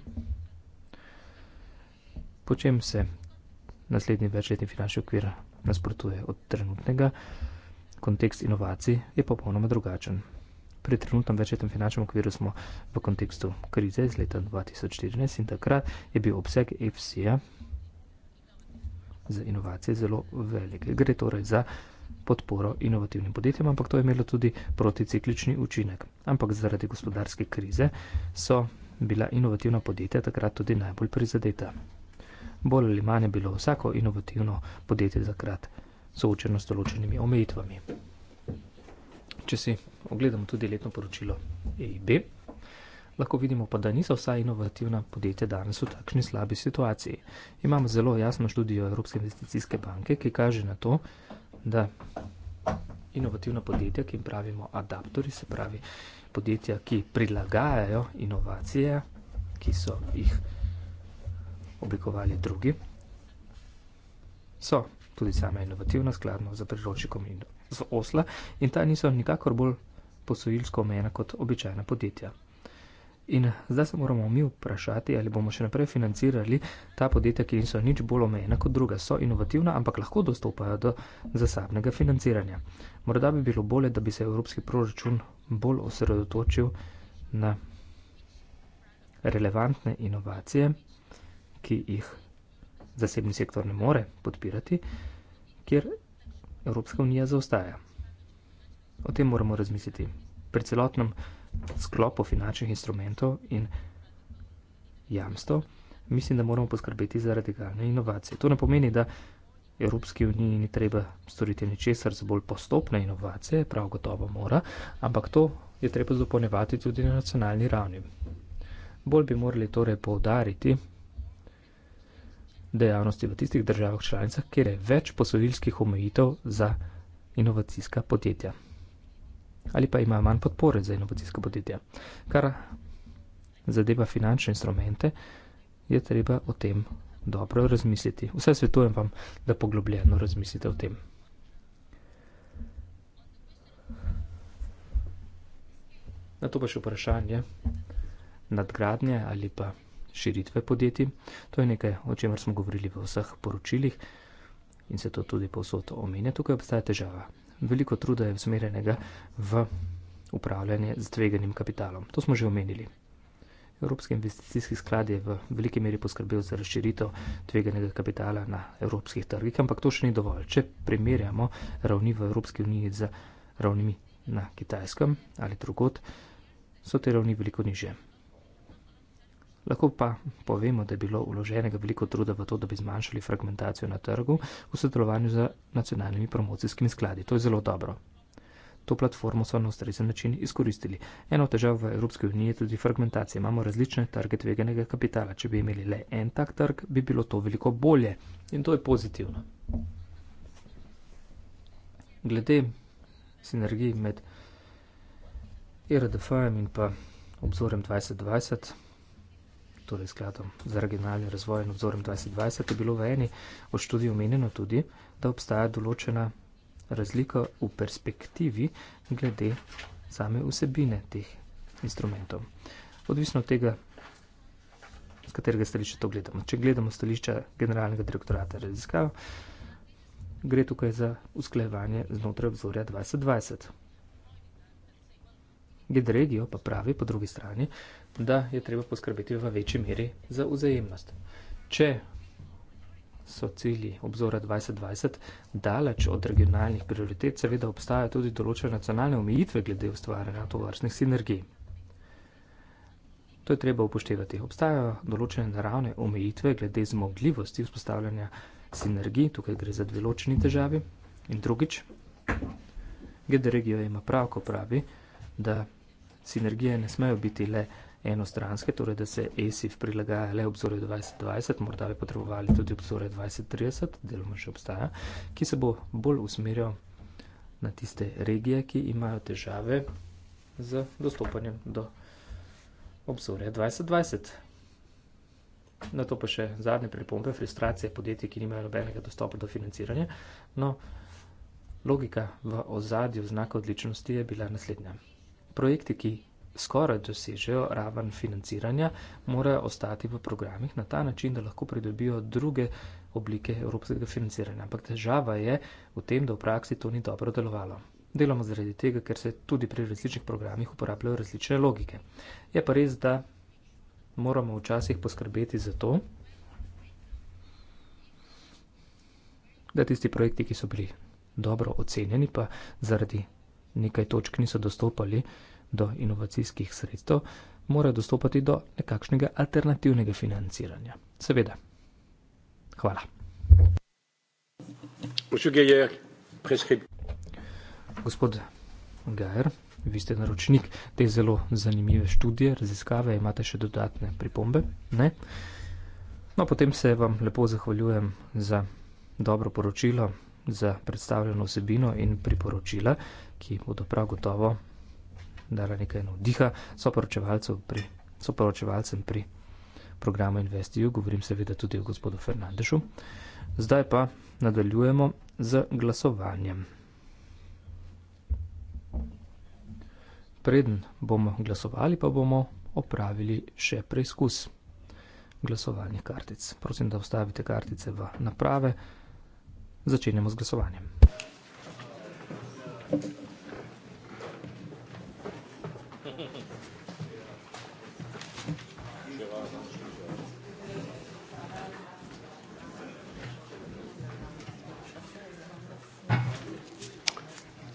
Po čem se naslednji večletni finančni okvir nasprotuje od trenutnega? Kontekst inovacij je popolnoma drugačen. Pri trenutnem večletnem finančnem okviru smo v kontekstu krize iz leta 2014 in takrat je bil obseg FCA za inovacije zelo velik. Gre torej za podporo inovativnim podjetjem, ampak to je imelo tudi proticiklični učinek. Ampak zaradi gospodarske krize so bila inovativna podjetja takrat tudi najbolj prizadeta. Bolj ali manj je bilo vsako inovativno podjetje takrat soočeno s določenimi omejitvami. Če si ogledamo tudi letno poročilo EIB, lahko vidimo pa, da niso vsa inovativna podjetja danes v takšni slabi situaciji. Imamo zelo jasno študijo Evropske investicijske banke, ki kaže na to, da inovativna podjetja, ki jim pravimo adaptori, se pravi podjetja, ki prilagajajo inovacije, ki so jih oblikovali drugi, so tudi sama inovativna skladno za priročnikom in z osla in ta niso nikakor bolj posojilsko omejena kot običajna podjetja. In zdaj se moramo mi vprašati, ali bomo še naprej financirali ta podjetja, ki niso nič bolj omejena kot druga, so inovativna, ampak lahko dostopajo do zasebnega financiranja. Morda bi bilo bolje, da bi se evropski proračun bolj osredotočil na relevantne inovacije, ki jih zasebni sektor ne more podpirati, kjer Evropska unija zaostaja. O tem moramo razmisliti. Pri celotnem proračunu sklopu finančnih instrumentov in jamstv, mislim, da moramo poskrbeti za radikalne inovacije. To ne pomeni, da Evropski uniji ni treba storiti ničesar za bolj postopne inovacije, prav gotovo mora, ampak to je treba zapolnevati tudi na nacionalni ravni. Bolj bi morali torej poudariti dejavnosti v tistih državah članicah, kjer je več posodilskih omejitev za inovacijska podjetja ali pa imajo manj podpore za inovacijsko podjetje. Kar zadeva finančne instrumente, je treba o tem dobro razmisliti. Vse svetujem vam, da poglobljeno razmislite o tem. Na to pa še vprašanje nadgradnje ali pa širitve podjetij. To je nekaj, o čemer smo govorili v vseh poročilih in se to tudi povsod omenja. Tukaj obstaja težava veliko truda je usmerjenega v upravljanje z tveganim kapitalom. To smo že omenili. Evropski investicijski sklad je v veliki meri poskrbel za razširitev tveganega kapitala na evropskih trgih, ampak to še ni dovolj. Če primerjamo ravni v Evropski uniji z ravnimi na kitajskem ali drugot, so te ravni veliko niže. Lahko pa povemo, da je bilo vloženega veliko truda v to, da bi zmanjšali fragmentacijo na trgu v sodelovanju z nacionalnimi promocijskimi skladi. To je zelo dobro. To platformo so na ustrezen način izkoristili. Eno težav v Evropski uniji je tudi fragmentacija. Imamo različne trge tveganega kapitala. Če bi imeli le en tak trg, bi bilo to veliko bolje. In to je pozitivno. Glede sinergij med e RDF-jem in pa obzorem 2020 torej skladom za regionalni razvoj in obzorem 2020, je bilo v eni od študij omenjeno tudi, da obstaja določena razlika v perspektivi glede same vsebine teh instrumentov. Odvisno od tega, z katerega stališča to gledamo. Če gledamo stališča generalnega direktorata raziskav, gre tukaj za usklajevanje znotraj obzorja 2020. Gedregijo pa pravi po drugi strani, da je treba poskrbeti v večji meri za vzajemnost. Če so cilji obzora 2020 daleč od regionalnih prioritet, seveda obstajajo tudi določene nacionalne omejitve glede ustvarjanja tovrstnih sinergij. To je treba upoštevati. Obstajajo določene naravne omejitve glede zmogljivosti vzpostavljanja sinergij, tukaj gre za dve ločeni državi. In drugič, GD regijo ima prav, ko pravi, da sinergije ne smejo biti le enostranske, torej da se ESIF prilagaja le obzorju 2020, morda bi potrebovali tudi obzorje 2030, deloma še obstaja, ki se bo bolj usmerjal na tiste regije, ki imajo težave z dostopanjem do obzorja 2020. Na to pa še zadnje pripombe, frustracije podjetij, ki nimajo nobenega dostopa do financiranja. No, logika v ozadju znaka odličnosti je bila naslednja projekti, ki skoraj dosežejo raven financiranja, morajo ostati v programih na ta način, da lahko pridobijo druge oblike evropskega financiranja. Ampak težava je v tem, da v praksi to ni dobro delovalo. Delamo zaradi tega, ker se tudi pri različnih programih uporabljajo različne logike. Je pa res, da moramo včasih poskrbeti za to, da tisti projekti, ki so bili dobro ocenjeni, pa zaradi nekaj točk niso dostopali do inovacijskih sredstev, morajo dostopati do nekakšnega alternativnega financiranja. Seveda. Hvala. Gospod Gajer, vi ste naročnik te zelo zanimive študije, raziskave, imate še dodatne pripombe? Ne? No, potem se vam lepo zahvaljujem za dobro poročilo, za predstavljeno vsebino in priporočila ki bodo prav gotovo dala nekaj navdiha soporočevalcem pri, pri programu InvestEU, govorim seveda tudi o gospodu Fernandešu. Zdaj pa nadaljujemo z glasovanjem. Preden bomo glasovali, pa bomo opravili še preizkus glasovalnih kartic. Prosim, da vstavite kartice v naprave. Začenjamo z glasovanjem. Thank you.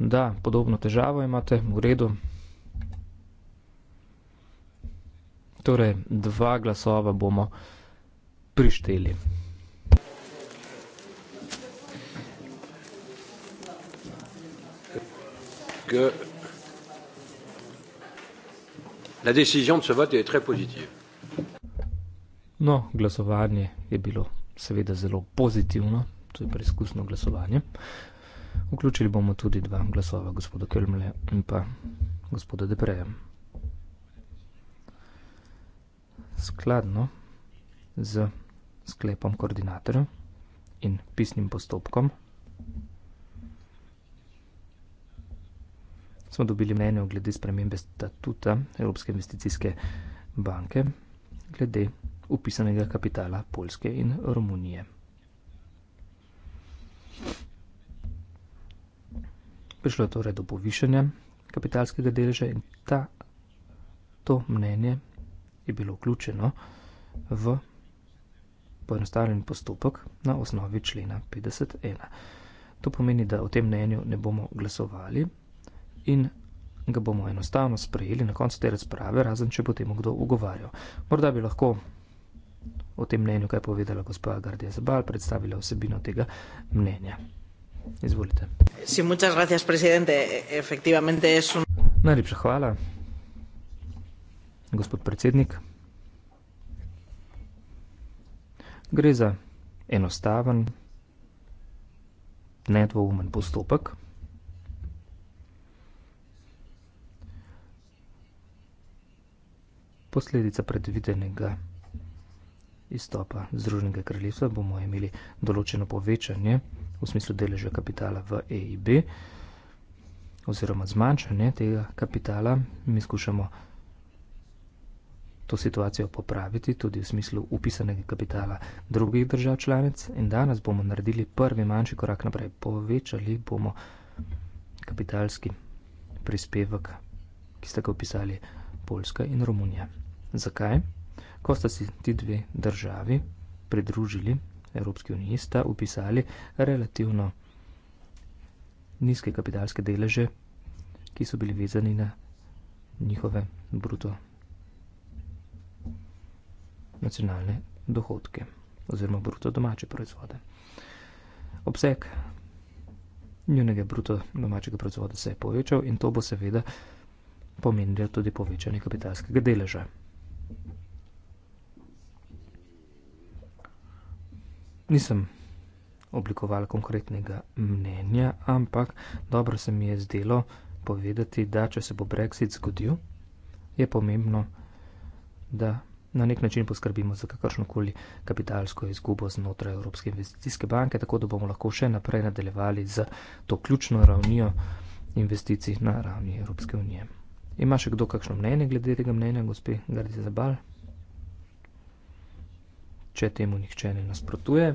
Da, podobno težavo imate, v redu. Torej, dva glasova bomo prišteli. Que la décision de ce vote est très positive. No, glasovanje je bilo seveda zelo pozitivno, to je preizkusno glasovanje. Uh, Vključili bomo tudi dva glasova, gospoda Kölmle in pa gospoda Depreja. Skladno z sklepom koordinatorja in pisnim postopkom smo dobili mnenje glede spremembe statuta Evropske investicijske banke glede upisanega kapitala Polske in Romunije. Thank you prišlo je torej do povišanja kapitalskega deleža in ta, to mnenje je bilo vključeno v poenostavljen postopek na osnovi člena 51. To pomeni, da o tem mnenju ne bomo glasovali in ga bomo enostavno sprejeli na koncu te razprave, razen če bo temu kdo ugovarjal. Morda bi lahko o tem mnenju, kaj je povedala gospoda Gardia Zabal, predstavila vsebino tega mnenja. Izvolite. Sí, muchas gracias, presidente. Efectivamente es un... Najlepša hvala, gospod predsednik. Gre za enostaven, nedvoumen postopek. Posledica predvidenega izstopa Združenega kraljestva bomo imeli določeno povečanje v smislu deleža kapitala v EIB, oziroma zmanjšanje tega kapitala. Mi skušamo to situacijo popraviti tudi v smislu upisanega kapitala drugih držav članic in danes bomo naredili prvi manjši korak naprej. Povečali bomo kapitalski prispevek, ki ste ga upisali Poljska in Romunija. Zakaj? Ko sta si ti dve državi pridružili Evropski uniji sta upisali relativno nizke kapitalske deleže, ki so bili vezani na njihove bruto nacionalne dohodke oziroma bruto domače proizvode. Obseg njunega bruto domačega proizvoda se je povečal in to bo seveda pomenilo tudi povečanje kapitalskega deleža. nisem oblikoval konkretnega mnenja, ampak dobro se mi je zdelo povedati, da če se bo Brexit zgodil, je pomembno, da na nek način poskrbimo za kakršnokoli kapitalsko izgubo znotraj Evropske investicijske banke, tako da bomo lahko še naprej nadaljevali z to ključno ravnijo investicij na ravni Evropske unije. Ima še kdo kakšno mnenje glede tega mnenja, gospe Gardi Zabal? če temu nihče ne nasprotuje.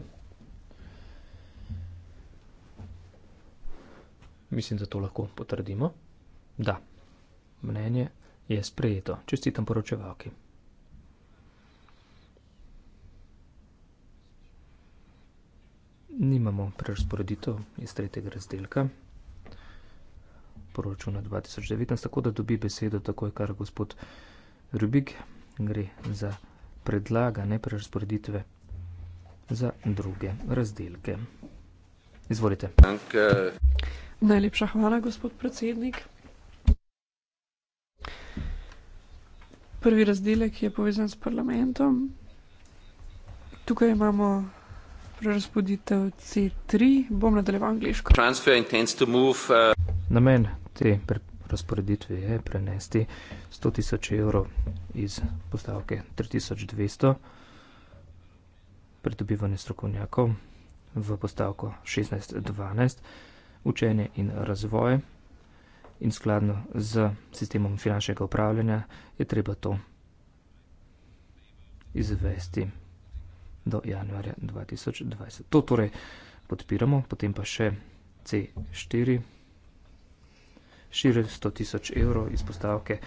Mislim, da to lahko potrdimo. Da, mnenje je sprejeto. Čestitam poročevalki. Nimamo prerasporeditev iz tretjega razdelka poročuna 2019, tako da dobi besedo takoj, kar gospod Rubik gre za vsega predlaga ne prerasporeditve za druge razdelke. Izvolite. Danke. Najlepša hvala, gospod predsednik. Prvi razdelek je povezan s parlamentom. Tukaj imamo prerasporeditev C3. Bom nadaljeval angliško. Transfer intends to move. Uh... Namen te prerasporeditve razporeditvi je prenesti 100 tisoč evrov iz postavke 3200, pridobivanje strokovnjakov v postavko 1612, učenje in razvoj. In skladno z sistemom finančnega upravljanja je treba to izvesti do januarja 2020. To torej podpiramo, potem pa še C4. 400 tisoč evrov iz postavke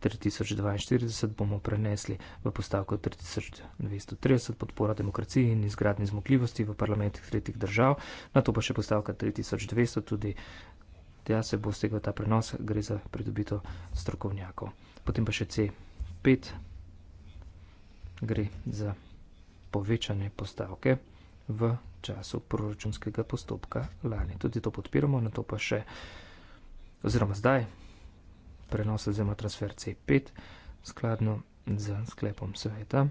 3042 bomo prenesli v postavko 3230 podpora demokraciji in izgradni zmogljivosti v parlamentih tretjih držav, na to pa še postavka 3200 tudi. Tja se bo stegel ta prenos, gre za pridobitev strokovnjakov. Potem pa še C5 gre za povečanje postavke v času proračunskega postopka lani. Tudi to podpiramo, na to pa še 3200 oziroma zdaj, prenos oziroma transfer C5, skladno z sklepom sveta,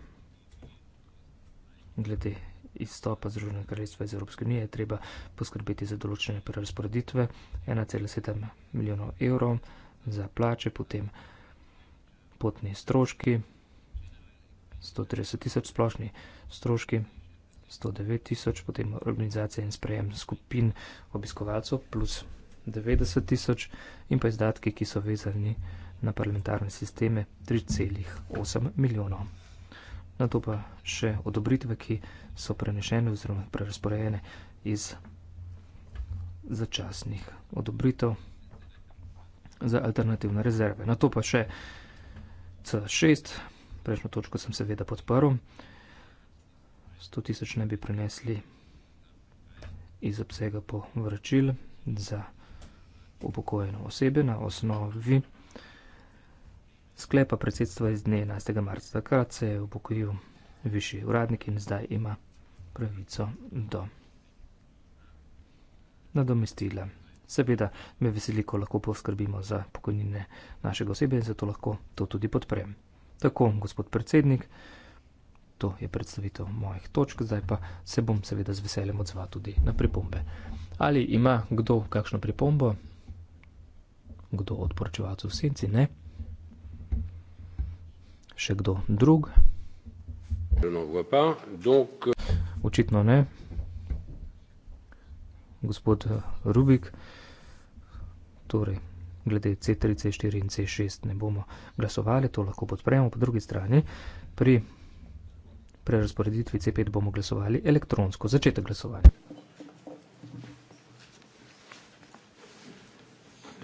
glede izstopa Združenega kraljestva iz Evropske unije, je treba poskrbeti za določene prerasporeditve 1,7 milijonov evrov za plače, potem potni stroški, 130 tisoč splošni stroški, 109 tisoč, potem organizacija in sprejem skupin obiskovalcev plus 90 tisoč in pa izdatki, ki so vezani na parlamentarne sisteme 3,8 milijonov. Na to pa še odobritve, ki so prenešene oziroma prerasporejene iz začasnih odobritev za alternativne rezerve. Na to pa še C6, prejšnjo točko sem seveda podporil, 100 tisoč ne bi prenesli iz obsega po vračil za odobritev upokojeno osebe na osnovi sklepa predsedstva iz dne 11. marca. Takrat se je upokojil višji uradnik in zdaj ima pravico do nadomestila. Seveda me veseli, ko lahko poskrbimo za pokojnine našega osebe in zato lahko to tudi podprem. Tako, gospod predsednik, to je predstavitev mojih točk, zdaj pa se bom seveda z veseljem odzval tudi na pripombe. Ali ima kdo kakšno pripombo? kdo od poročevalcev v senci, ne? Še kdo drug? Euh, Očitno ne. Gospod eh, Rubik, torej, glede C3, C4 in C6 ne bomo glasovali, to lahko podpremo po drugi strani. Pri prerazporeditvi C5 bomo glasovali elektronsko. Začetek glasovanja.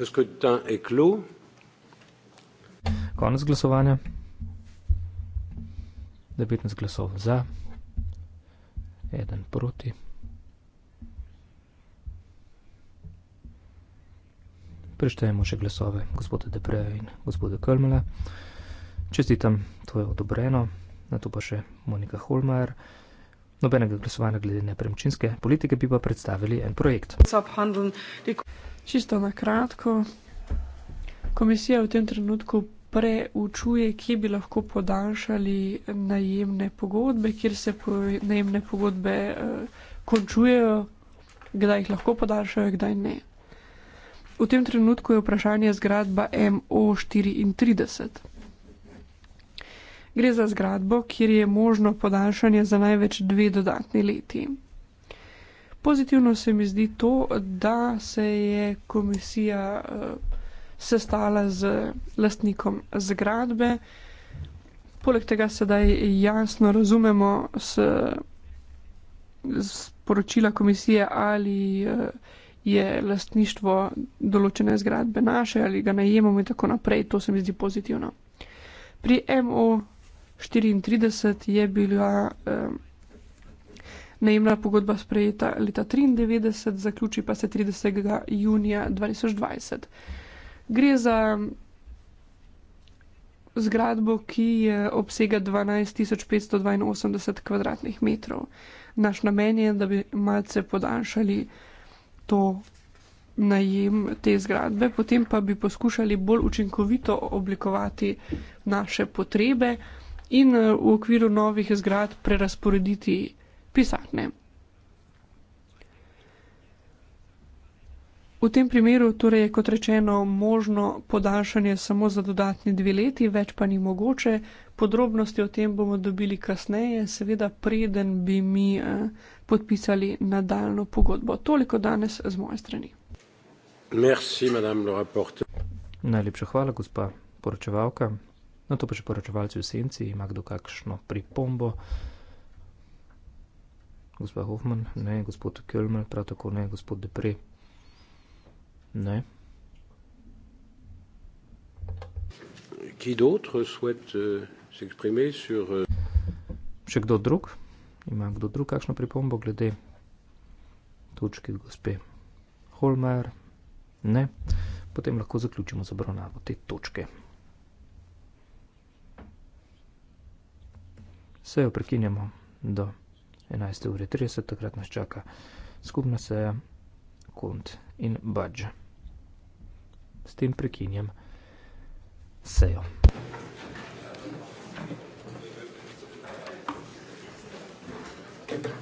Le scrutin est clos. Konec glasovanja. 19 glasov za, 1 proti. Preštejemo še glasove gospoda Depreja in gospoda Kölmela. Čestitam, to je odobreno. Na to pa še Monika Holmajer nobenega glasovanja glede nepremičninske politike, bi pa predstavili en projekt. Čisto na kratko, komisija v tem trenutku preučuje, kje bi lahko podaljšali najemne pogodbe, kjer se po najemne pogodbe uh, končujejo, kdaj jih lahko podaljšajo, kdaj ne. V tem trenutku je vprašanje zgradba MO34. Gre za zgradbo, kjer je možno podaljšanje za največ dve dodatni leti. Pozitivno se mi zdi to, da se je komisija eh, sestala z lastnikom zgradbe. Poleg tega sedaj jasno razumemo s, s poročila komisije, ali eh, je lastništvo določene zgradbe naše, ali ga najemamo in tako naprej. To se mi zdi pozitivno. Pri MO 1934 je bila eh, najemna pogodba sprejeta leta 1993, zaključi pa se 30. junija 2020. Gre za zgradbo, ki je obsega 12.582 kvadratnih metrov. Naš namen je, da bi malce podaljšali to najem te zgradbe, potem pa bi poskušali bolj učinkovito oblikovati naše potrebe in eh, v okviru novih zgrad prerasporediti pisarne. V tem primeru torej je kot rečeno možno podaljšanje samo za dodatni dve leti, več pa ni mogoče. Podrobnosti o tem bomo dobili kasneje, seveda preden bi mi eh, podpisali nadaljno pogodbo. Toliko danes z moje strani. Merci, Najlepša hvala, gospa poročevalka. Na no, to pa še poročevalci v senci, ima kdo kakšno pripombo? Gospa Hoffman, ne, gospod Kjölmel, prav tako ne, gospod Depre. Ne. Ki dotre svet euh, se eksprime sur... Euh, še kdo drug? Ima kdo drug kakšno pripombo glede točki gospe Holmajer? Ne. Potem lahko zaključimo zabronavo te točke. Sejo prekinjamo do 11.30, takrat nas čaka skupna seja Kunt in Badža. S tem prekinjam sejo.